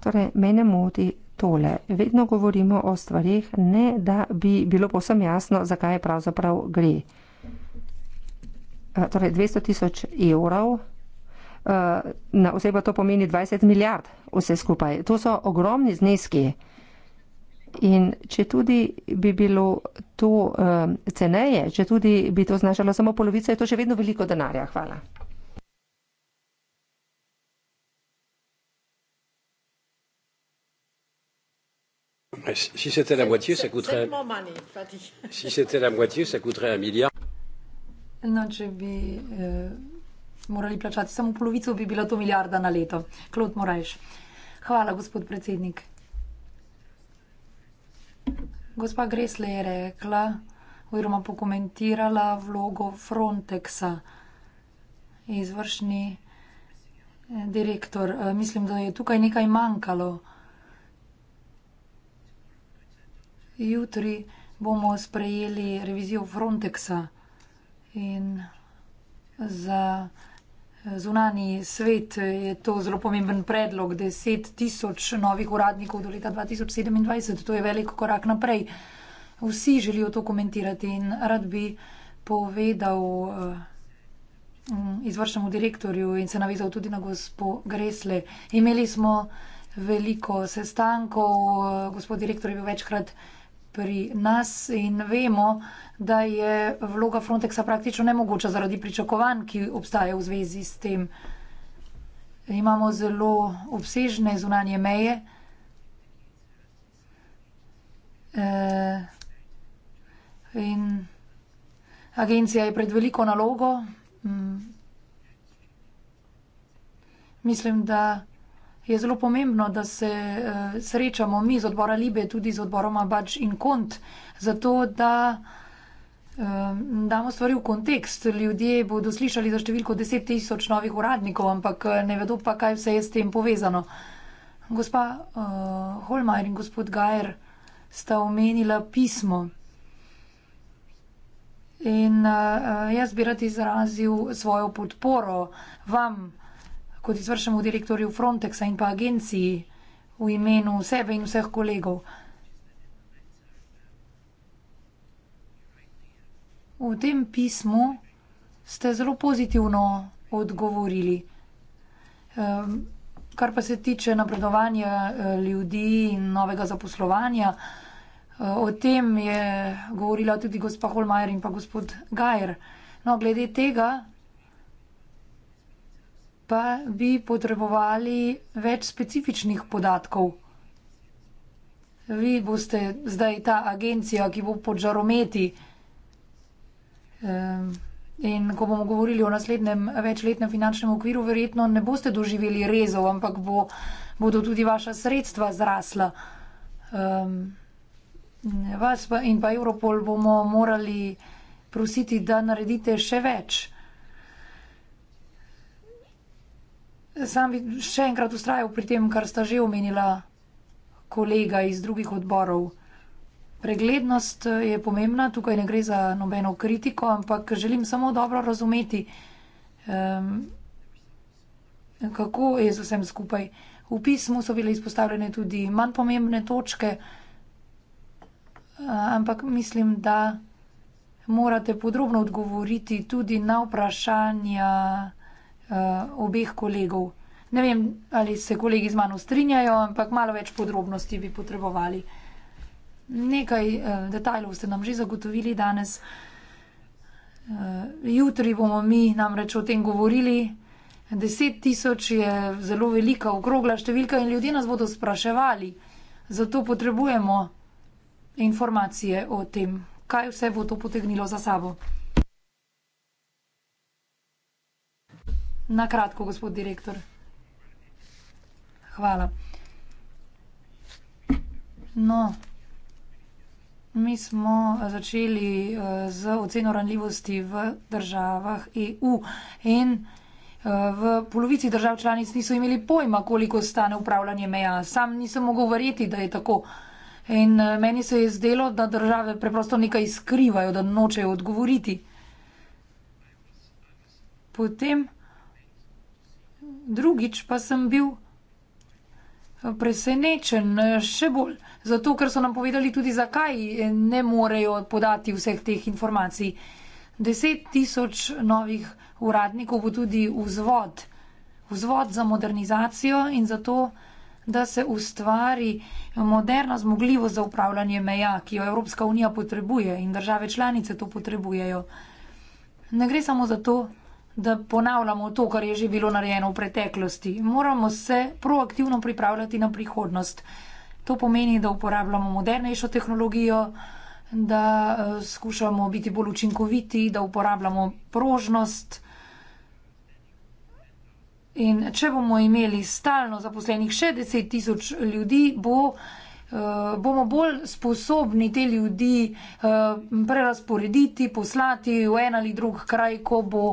torej, mene moti tole. Vedno govorimo o stvarih, ne da bi bilo posem jasno, zakaj pravzaprav gre. Eh, torej, 200 tisoč evrov, eh, na osebo to pomeni 20 milijard vse skupaj. To so ogromni zneski. In če tudi bi bilo to eh, ceneje, če tudi bi to znašalo samo polovico, je to še vedno veliko denarja. Hvala. Si, si c'était la moitié, ça coûterait. Si c'était la moitié, ça coûterait un milliard. Znači, no, bi eh, morali plačati samo polovico, bi bilo to milijarda na leto. Klot Morajš. Hvala, gospod predsednik. Gospa Gresle je rekla, oziroma pokomentirala vlogo Frontexa, izvršni eh, direktor. Eh, mislim, da je tukaj nekaj manjkalo. Eh, jutri bomo sprejeli revizijo Frontexa in za zunani svet je to zelo pomemben predlog. 10 tisoč novih uradnikov do leta 2027, to je velik korak naprej. Vsi želijo to komentirati in rad bi povedal eh, izvršnemu direktorju in se navezal tudi na gospo Gresle. Imeli smo veliko sestankov, eh, gospod direktor je bil večkrat pri nas in vemo, da je vloga Frontexa praktično nemogoča zaradi pričakovanj, ki obstajajo v zvezi s tem. Imamo zelo obsežne zunanje meje. E, in agencija je pred veliko nalogo. Mm. Mislim, da je zelo pomembno, da se uh, srečamo mi z odbora Libe, tudi z odboroma Bač in Kont, zato da uh, damo stvari v kontekst. Ljudje bodo slišali za številko 10 tisoč novih uradnikov, ampak eh, ne vedo pa, kaj vse je s tem povezano. Gospa uh, Holmajer in gospod Gajer sta omenila pismo. In uh, jaz bi rad izrazil svojo podporo vam kot izvršnemu direktorju Frontexa in pa agenciji v imenu sebe in vseh kolegov. V tem pismu ste zelo pozitivno odgovorili. Ehm, kar pa se tiče napredovanja eh, ljudi in novega zaposlovanja, eh, o tem je govorila tudi gospa Holmajer in pa gospod Gajer. No, glede tega pa bi potrebovali več specifičnih podatkov. Vi boste zdaj ta agencija, ki bo pod žarometi. Ehm, in ko bomo govorili o naslednjem večletnem finančnem okviru, verjetno ne boste doživeli rezov, ampak bo, bodo tudi vaša sredstva zrasla. Um, vas pa in pa Europol bomo morali prositi, da naredite še več. Sam bi še enkrat ustrajal pri tem, kar sta že omenila kolega iz drugih odborov. Preglednost eh, je pomembna, tukaj ne gre za nobeno kritiko, ampak želim samo dobro razumeti, um, kako je z vsem skupaj. V pismu so bile izpostavljene tudi manj pomembne točke, eh, ampak mislim, da morate podrobno odgovoriti tudi na vprašanja uh, obeh kolegov. Ne vem, ali se kolegi z mano strinjajo, ampak malo več podrobnosti bi potrebovali. Nekaj uh, detajlov ste nam že zagotovili danes. Uh, jutri bomo mi namreč o tem govorili. Deset tisoč je zelo velika, okrogla številka in ljudje nas bodo spraševali. Zato potrebujemo informacije o tem, kaj vse bo to potegnilo za sabo. Na kratko, gospod direktor. Hvala. No, mi smo eh, začeli eh, z oceno ranljivosti v državah EU in eh, v polovici držav članic niso imeli pojma, koliko stane upravljanje meja. Sam nisem mogel verjeti, da je tako. In meni se je zdelo, da države preprosto nekaj skrivajo, da nočejo odgovoriti. Potem drugič pa sem bil eh, presenečen eh, še bolj, zato ker so nam povedali tudi, zakaj eh, ne morejo podati vseh teh informacij. Deset tisoč novih uradnikov bo tudi vzvod, vzvod za modernizacijo in zato, da se ustvari moderna zmogljivost za upravljanje meja, ki jo Evropska unija potrebuje in države članice to potrebujejo. Ne gre samo za to, da ponavljamo to, kar je že bilo narejeno v preteklosti. Moramo se proaktivno pripravljati na prihodnost. To pomeni, da uporabljamo modernejšo tehnologijo, da eh, skušamo biti bolj učinkoviti, da uporabljamo prožnost. In če bomo imeli stalno zaposlenih še 10 tisoč ljudi, bo, eh, bomo bolj sposobni te ljudi eh, prerasporediti, poslati v en ali drug kraj, ko bo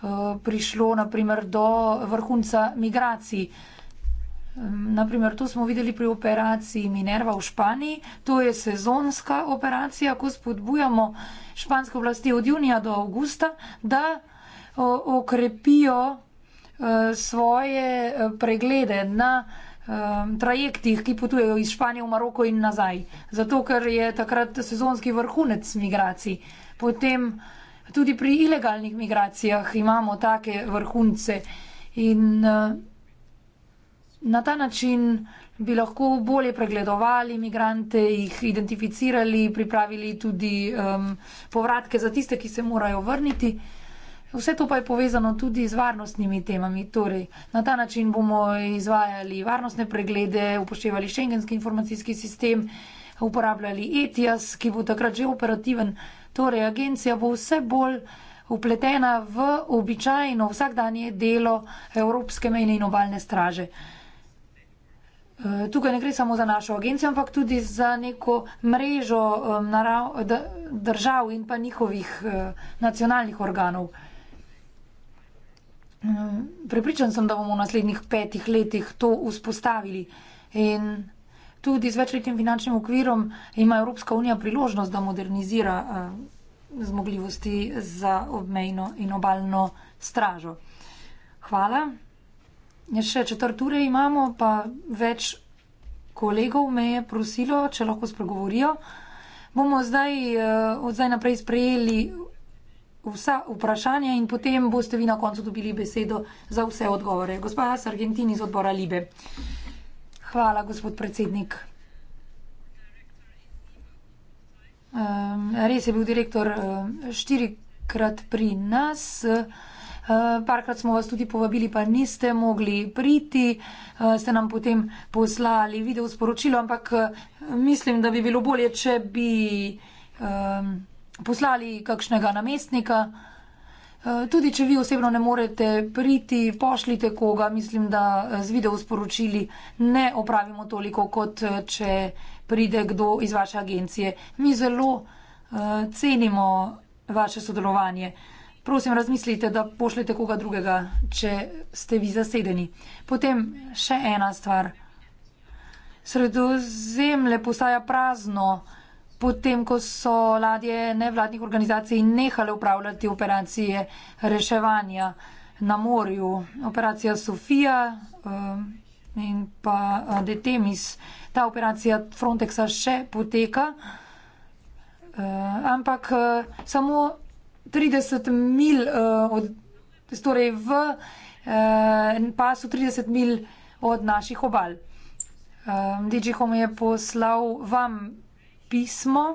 Eh, prišlo naprimer, do vrhunca migracij. Naprimer, to smo videli pri operaciji Minerva v Španiji. To je sezonska operacija, ko spodbujamo španske oblasti od junija do avgusta, da okrepijo eh, svoje eh, preglede na trajektih, ki potujejo iz Španije v Maroko in nazaj. Zato, ker je takrat sezonski vrhunec migracij. Potem tudi pri ilegalnih migracijah imamo take vrhunce in eh, na ta način bi lahko bolje pregledovali migrante, jih identificirali, pripravili tudi um, povratke za tiste, ki se morajo vrniti. Vse to pa je povezano tudi z varnostnimi temami. Torej, na ta način bomo izvajali varnostne preglede, upoštevali šengenski informacijski sistem, uh, uporabljali ETIAS, ki bo takrat že operativen. Torej, agencija bo vse bolj upletena v običajno vsakdanje delo Evropske mejne in obalne straže. Eh, tukaj ne gre samo za našo agencijo, ampak tudi za neko mrežo eh, držav in pa njihovih eh, nacionalnih organov. Mm, prepričan sem, da bomo v naslednjih petih letih to vzpostavili in tudi z večletnim finančnim okvirom ima Evropska unija priložnost, da modernizira eh, zmogljivosti za obmejno in obaljno stražo. Hvala. Ja, še četrt ure imamo, pa več kolegov me je prosilo, če lahko spregovorijo. Bomo zdaj eh, od zdaj naprej sprejeli vsa vprašanja in potem boste vi na koncu dobili besedo za vse odgovore. Gospa Sargentini iz odbora Libe. Hvala, gospod predsednik. Res je bil direktor štirikrat pri nas. Parkrat smo vas tudi povabili, pa niste mogli priti, ste nam potem poslali video sporočilo, ampak mislim, da bi bilo bolje, če bi poslali kakšnega namestnika. Eh, tudi če vi osebno ne morete priti, pošljite koga, mislim, da eh, z video sporočili ne opravimo toliko, kot eh, če pride kdo iz vaše agencije. Mi zelo cenimo vaše sodelovanje. Prosim, razmislite, da pošljete koga drugega, če ste vi zasedeni. Potem še ena stvar. Sredozemlje postaja prazno potem, ko so ladje nevladnih organizacij nehale upravljati operacije reševanja na morju. Operacija Sofija um, in pa uh, Detemis. Ta operacija Frontexa še poteka, uh, ampak uh, samo 30 mil od, torej v pasu 30 mil od naših obal. Um, DG Home je poslal vam pismo.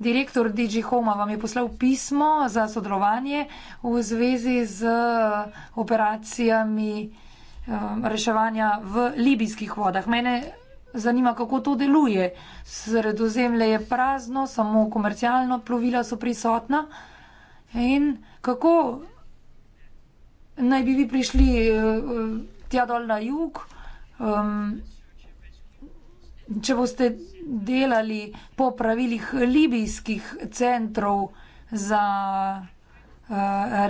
Direktor DigiHoma vam je poslal pismo za sodelovanje v zvezi z eh, operacijami eh, reševanja v libijskih vodah. Mene zanima, kako to deluje. Sredozemlje je prazno, samo komercialno plovila so prisotna. In kako naj bi vi prišli eh, tja dol na jug, ehm, če boste delali po pravilih libijskih centrov za uh,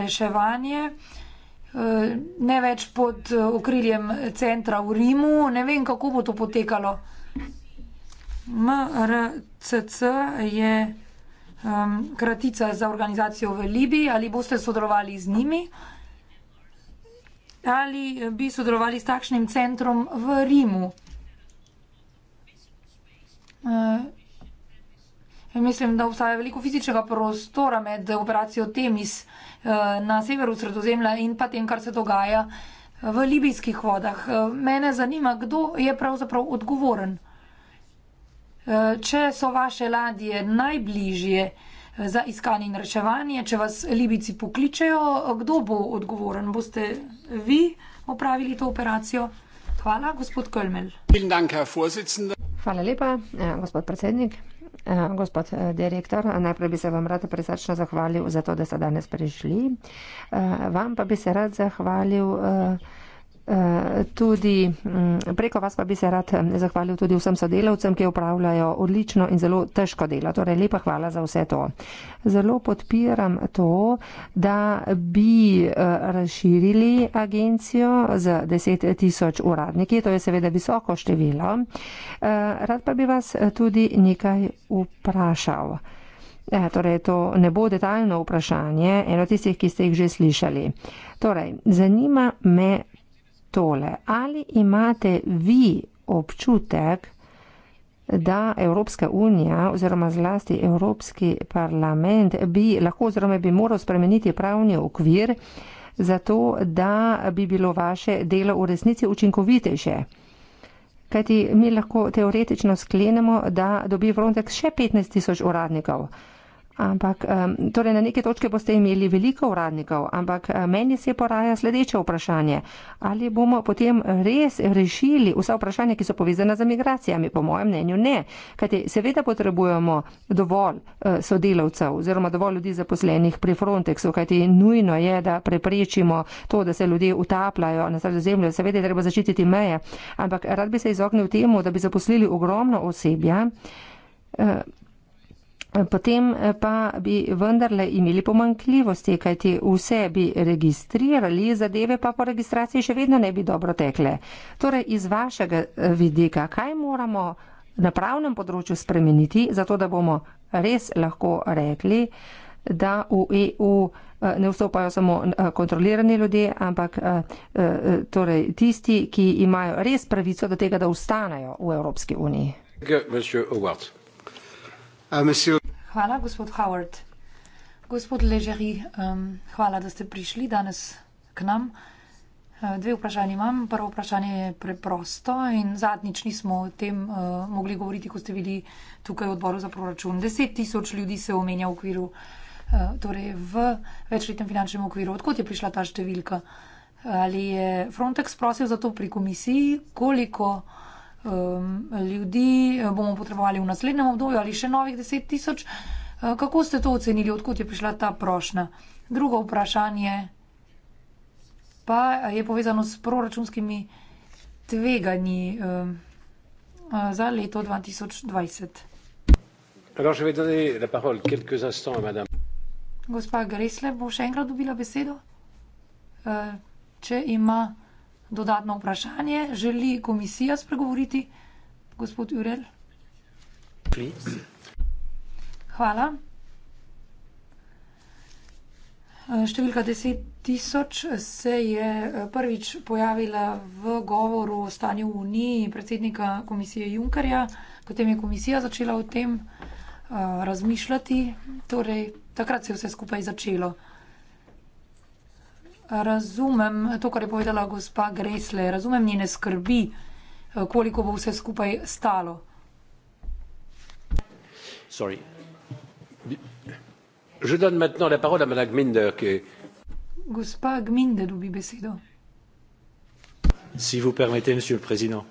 reševanje, uh, ne več pod eh, okriljem centra v Rimu. Ne vem, kako bo to potekalo. MRCC je um, kratica za organizacijo v Libiji. Ali boste sodelovali z njimi? Ali bi sodelovali s takšnim centrom v Rimu? Eh, eh, mislim, da obstaja veliko fizičnega prostora med operacijo Temis eh, na severu sredozemlja in pa tem, kar se dogaja v libijskih vodah. Mene zanima, kdo je pravzaprav odgovoren. Če so vaše ladje najbližje za iskanje in reševanje, če vas Libici pokličejo, kdo bo odgovoren? Boste vi opravili to operacijo? Hvala, gospod Kölmel. Hvala lepa, eh, gospod predsednik. Eh, gospod eh, direktor, najprej bi se vam rad presrčno zahvalil za to, da ste danes prišli. Vam pa bi se rad zahvalil. Eh, tudi mm, preko vas pa bi se rad eh, zahvalil tudi vsem sodelavcem, ki upravljajo odlično in zelo težko delo. Torej, lepa hvala za vse to. Zelo podpiram to, da bi eh, razširili agencijo z 10 tisoč uradniki. To je seveda visoko število. Rad pa bi vas tudi nekaj vprašal. E, torej, to ne bo detaljno vprašanje, eno tistih, ki ste jih že slišali. Torej, zanima me tole. Ali imate vi občutek, da Evropska unija oziroma zlasti Evropski parlament bi lahko oziroma bi moral spremeniti pravni okvir za to, da bi bilo vaše delo v resnici učinkovitejše? Kajti mi lahko teoretično sklenemo, da dobi Frontex še 15 tisoč uradnikov. Ampak torej na neke točke boste imeli veliko uradnikov, ampak meni se poraja sledeče vprašanje. Ali bomo potem res rešili vsa vprašanja, ki so povezana z migracijami? Po mojem mnenju ne. Kajte, seveda potrebujemo dovolj eh, sodelavcev oziroma dovolj ljudi zaposlenih pri Frontexu, kajte nujno je, da preprečimo to, da se ljudje utapljajo na sredo zemljo. Seveda je treba začititi meje, ampak rad bi se izognil temu, da bi zaposlili ogromno osebja. Eh, Potem eh, pa bi vendarle imeli pomankljivosti, kajti vse bi registrirali, zadeve pa po registraciji še vedno ne bi dobro tekle. Torej, iz vašega eh, vidika, kaj moramo na pravnem področju spremeniti, zato da bomo res lahko rekli, da v EU eh, ne vstopajo samo kontrolirani ljudje, ampak torej, tisti, ki imajo res pravico do tega, da ustanejo v Evropski uniji. Good, Uh, hvala, gospod Howard. Gospod Ležeri, um, hvala, da ste prišli danes k nam. Uh, dve vprašanje imam. Prvo vprašanje je preprosto in zadnjič nismo o tem uh, mogli govoriti, ko ste bili tukaj v odboru za proračun. Deset tisoč ljudi se omenja v okviru, uh, torej v večletnem finančnem okviru. Odkot je prišla ta številka? Ali je Frontex prosil za to pri komisiji? Koliko? Uh, um, ljudi eh, bomo potrebovali v naslednjem obdobju ali še novih 10 tisoč. Uh, kako ste to ocenili, odkot je prišla ta prošnja? Drugo vprašanje pa je povezano s proračunskimi tveganji um, uh, za leto 2020. Alors, je vais donner la parole quelques instants à madame. Gospa Gresle bo še enkrat dobila besedo, uh, če ima dodatno vprašanje? Želi komisija spregovoriti? Gospod Jurel? Please. Hvala. Številka 10.000 se je eh, prvič pojavila v govoru o stanju v Uniji predsednika komisije Junkerja, potem je komisija začela o tem uh, razmišljati, torej takrat se je vse skupaj začelo. Uh, razumem to, kar je povedala gospa Gresle, razumem njene skrbi, eh, koliko bo vse skupaj stalo. Sorry. Je donne maintenant la parole à Madame Gminder. Qui... Gospa Gminder dobi besedo. Si vous permettez, Monsieur le Président.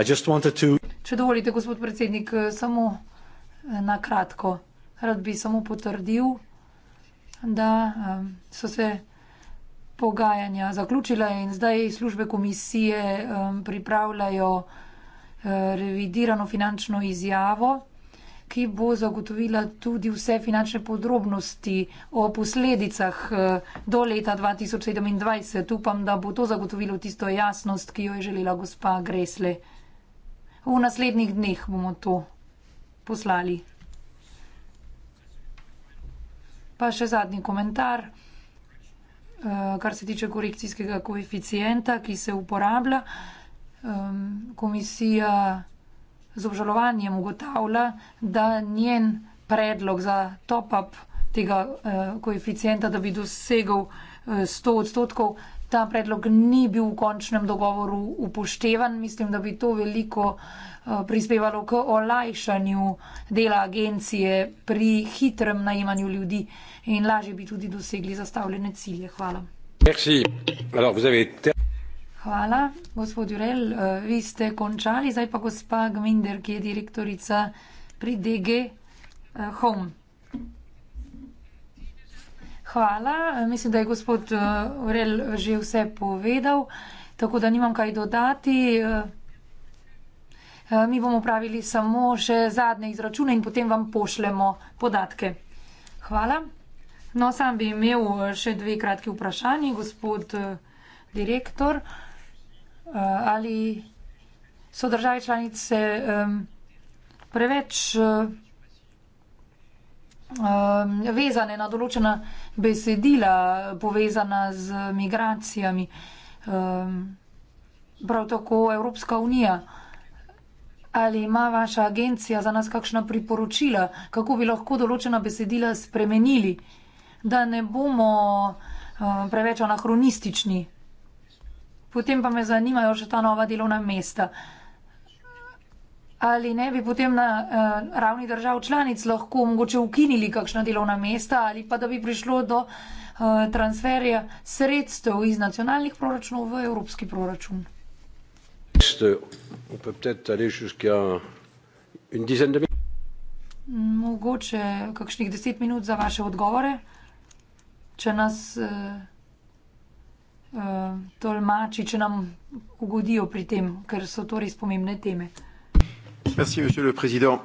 I just wanted to... Če dovolite, gospod predsednik, eh, samo eh, na kratko. Rad bi samo potrdil, da so se pogajanja zaključila in zdaj službe komisije um, pripravljajo uh, revidirano finančno izjavo, ki bo zagotovila tudi vse finančne podrobnosti o posledicah uh, do leta 2027. Upam, da bo to zagotovilo tisto jasnost, ki jo je želela gospa Gresle. V naslednjih dneh bomo to poslali. Pa še zadnji komentar. Eh, kar se tiče korekcijskega koeficienta, ki se uporablja. Komisija z obžalovanjem ugotavlja, da njen predlog za top-up tega eh, koeficienta, da bi dosegel 100 eh, odstotkov, ta predlog ni bil v končnem dogovoru upoštevan. Mislim, da bi to veliko eh, prispevalo k olajšanju dela agencije pri hitrem najemanju ljudi in lažje bi tudi dosegli zastavljene cilje. Hvala. Hvala, gospod Jurel. Eh, vi ste končali, zdaj pa gospa Gminder, ki je direktorica pri DG eh, Home. Hvala. Mislim, da je gospod Orel eh, že vse povedal, tako da nimam kaj dodati. Eh, eh, mi bomo pravili samo še zadnje izračune in potem vam pošljemo podatke. Hvala. No, sam bi imel še dve kratki vprašanji, gospod direktor. Ali so države članice preveč um, vezane na določena besedila, povezana z migracijami. Um, prav tako Evropska unija. Ali ima vaša agencija za nas kakšna priporočila, kako bi lahko določena besedila spremenili, da ne bomo um, preveč anahronistični? Potem pa me zanimajo še ta nova delovna mesta. Ali ne bi potem na uh, ravni držav članic lahko mogoče ukinili kakšna delovna mesta ali pa da bi prišlo do uh, transferja sredstev iz nacionalnih proračunov v evropski proračun? Mogoče kakšnih deset minut za vaše odgovore, če nas uh, uh, tolmači, če nam ugodijo pri tem, ker so to res pomembne teme. Merci, Monsieur le Président.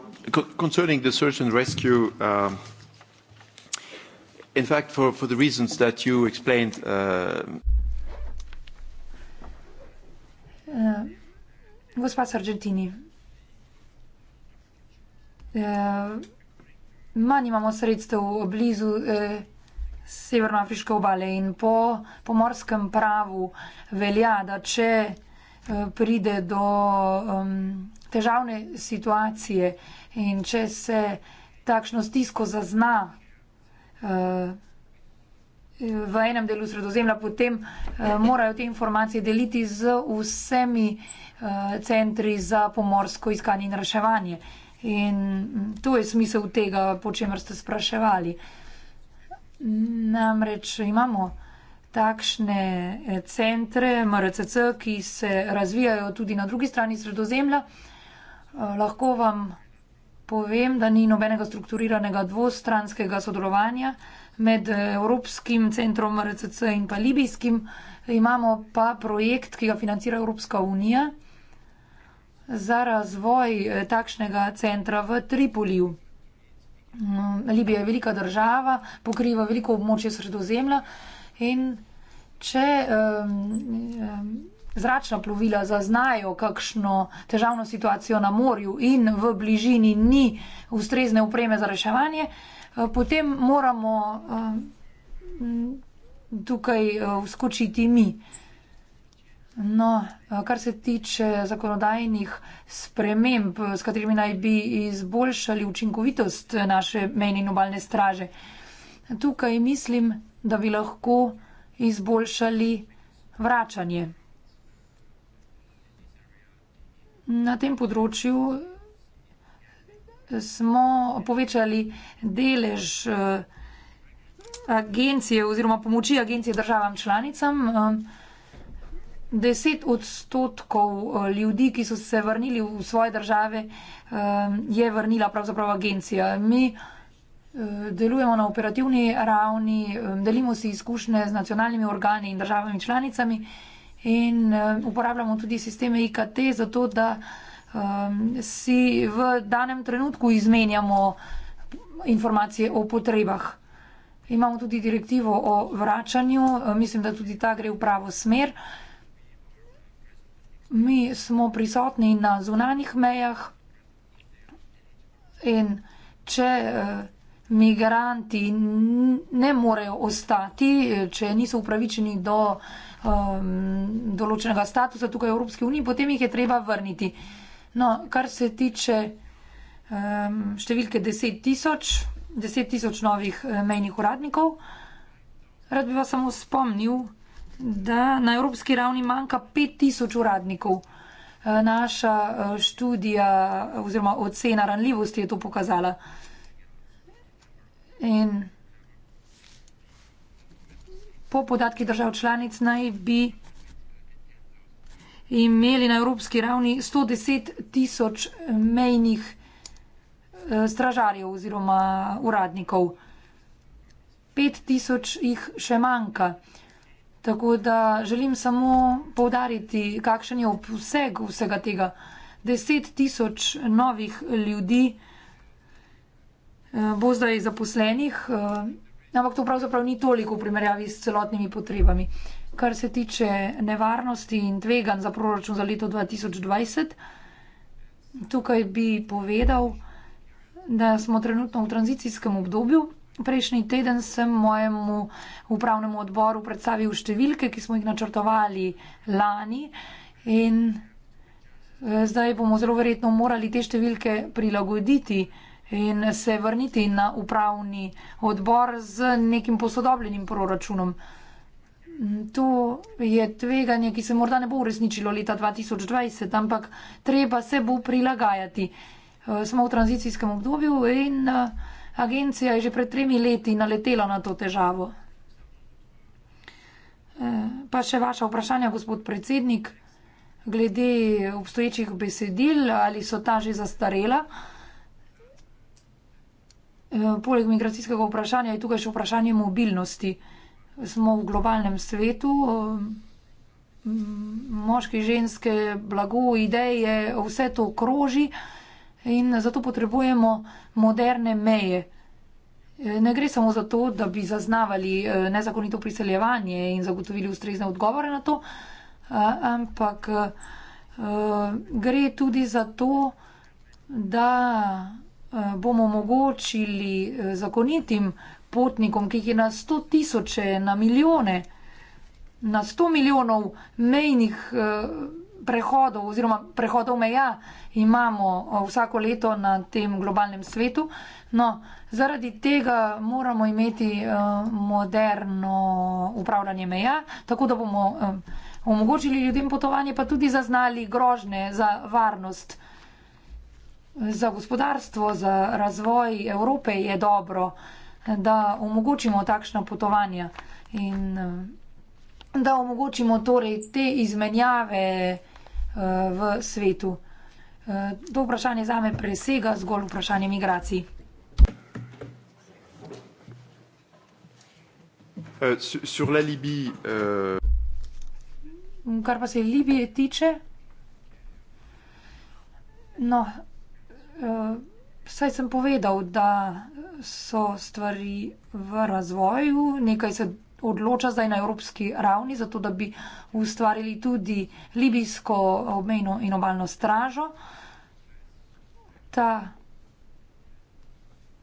Concerning the search and rescue, um, in fact, for, for the reasons that you explained, uh, uh, Господ Сарджентини, uh, manj imamo sredstev blizu uh, Severnoafriške obale in po pomorskem pravu velja, da če uh, pride do um, težavne situacije in če se takšno stisko zazna uh, v enem delu sredozemlja, potem uh, morajo te informacije deliti z vsemi uh, centri za pomorsko iskanje in reševanje. In mm, to je smisel tega, po čemer ste spraševali. Namreč imamo takšne centre, MRCC, ki se razvijajo tudi na drugi strani sredozemlja, uh, Eh, lahko vam povem, da ni nobenega strukturiranega dvostranskega sodelovanja med eh, Evropskim centrom RCC in pa Libijskim. Imamo pa projekt, ki ga financira Evropska unija za razvoj eh, takšnega centra v Tripoliju. Mm, Libija je velika država, pokriva veliko območje sredozemlja in če um, um, zračna plovila zaznajo kakšno težavno situacijo na morju in v bližini ni ustrezne upreme za reševanje, eh, potem moramo eh, tukaj eh, vskočiti mi. No, kar se tiče zakonodajnih sprememb, s katerimi naj bi izboljšali učinkovitost naše mejne in obalne straže, tukaj mislim, da bi lahko izboljšali vračanje. Na tem področju smo povečali delež eh, agencije oziroma pomoči agencije državam članicam. Eh, deset odstotkov eh, ljudi, ki so se vrnili v svoje države, je vrnila pravzaprav agencija. Mi delujemo na operativni ravni, delimo si izkušnje z nacionalnimi organi in državami članicami in uh, uporabljamo tudi sisteme IKT, zato da um, si v danem trenutku izmenjamo informacije o potrebah. Imamo tudi direktivo o vračanju, eh, mislim, da tudi ta gre v pravo smer. Mi smo prisotni na zunanjih mejah in če. Uh, migranti ne morejo ostati, če niso upravičeni do um, določenega statusa tukaj v Evropski uniji, potem jih je treba vrniti. No, kar se tiče um, številke 10.000, 10.000 novih eh, mejnih uradnikov, rad bi vas samo spomnil, da na evropski ravni manjka 5000 uradnikov. Eh, naša eh, študija oziroma ocena ranljivosti je to pokazala. In po podatki držav članic naj bi imeli na evropski ravni 110 tisoč mejnih eh, stražarjev oziroma uradnikov. 5 tisoč jih še manjka. Tako da želim samo povdariti, kakšen je obseg vsega tega. 10 tisoč novih ljudi. Eh, bo zdaj zaposlenih, eh, ampak to pravzaprav ni toliko v primerjavi s celotnimi potrebami. Kar se tiče nevarnosti in tvegan za proračun za leto 2020, tukaj bi povedal, da smo trenutno v tranzicijskem obdobju. Prejšnji teden sem mojemu upravnemu odboru predstavil številke, ki smo jih načrtovali lani in eh, zdaj bomo zelo verjetno morali te številke prilagoditi in se vrniti na upravni odbor z nekim posodobljenim proračunom. To je tveganje, ki se morda ne bo uresničilo leta 2020, ampak treba se bo prilagajati. Eh, smo v tranzicijskem obdobju in eh, agencija je že pred tremi leti naletela na to težavo. Eh, pa še vaše vprašanje, gospod predsednik, glede obstoječih besedil, ali so ta že zastarela. Eh, poleg migracijskega vprašanja je tukaj še vprašanje mobilnosti. Smo v globalnem svetu, eh, moški, ženske, blago, ideje, vse to kroži in zato potrebujemo moderne meje. Eh, ne gre samo za to, da bi zaznavali nezakonito priseljevanje in zagotovili ustrezne odgovore na to, ampak gre tudi za to, da Eh, bomo omogočili eh, zakonitim potnikom, ki jih je na sto tisoče, na milijone, na sto milijonov mejnih eh, prehodov oziroma prehodov meja imamo vsako leto na tem globalnem svetu. No, zaradi tega moramo imeti moderno upravljanje meja, tako da bomo omogočili ljudem potovanje, pa tudi zaznali grožne za varnost. Za gospodarstvo, za razvoj Evrope je dobro, da omogočimo takšna potovanja in eh, da omogočimo torej te izmenjave eh, v svetu. Eh, to vprašanje zame presega zgolj vprašanje migracij. Uh, la Libije, uh... Kar pa se Libije tiče, no, Saj sem povedal, da so stvari v razvoju, nekaj se odloča zdaj na evropski ravni, zato da bi ustvarili tudi libijsko obmejno in obalno stražo. Ta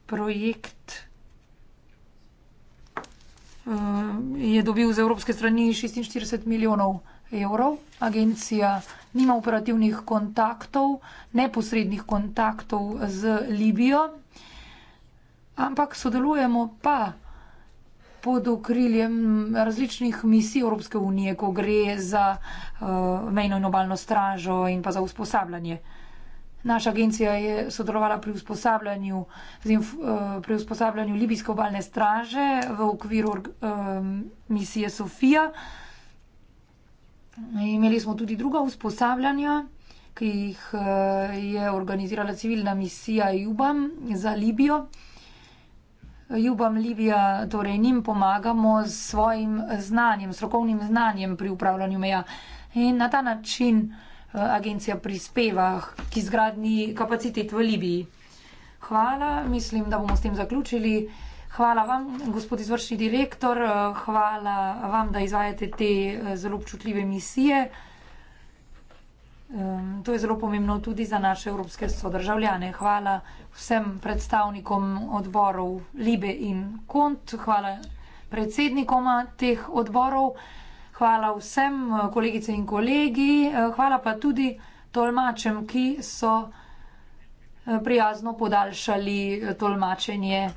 projekt um, je dobil z evropske strani 46 milijonov evrov evrov. Agencija nima operativnih kontaktov, neposrednih kontaktov z Libijo, ampak sodelujemo pa pod okriljem različnih misij Evropske unije, ko gre za uh, mejno in obalno stražo in pa za usposabljanje. Naša agencija je sodelovala pri usposabljanju, inf, eh, pri usposabljanju libijske obalne straže v okviru um, misije Sofija. Uh, Imeli smo tudi druga usposabljanja, ki jih eh, je organizirala civilna misija Jubam za Libijo. Jubam Libija, torej njim pomagamo s svojim znanjem, strokovnim znanjem pri upravljanju meja. In na ta način eh, agencija prispeva k izgradni kapacitet v Libiji. Hvala, mislim, da bomo s tem zaključili. Hvala vam, gospod izvršni direktor, eh, hvala vam, da izvajate te eh, zelo občutljive misije. To je zelo pomembno tudi za naše evropske sodržavljane. Hvala vsem predstavnikom odborov Libe in Kont, hvala predsednikoma teh odborov, hvala vsem eh, kolegice in kolegi, hvala pa tudi tolmačem, ki so prijazno podaljšali tolmačenje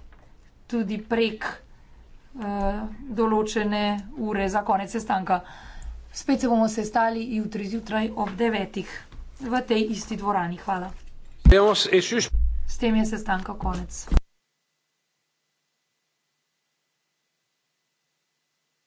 tudi prek uh, določene ure za konec sestanka. Spet se bomo sestali jutri zjutraj ob devetih v tej isti dvorani. Hvala. S tem je sestanka konec.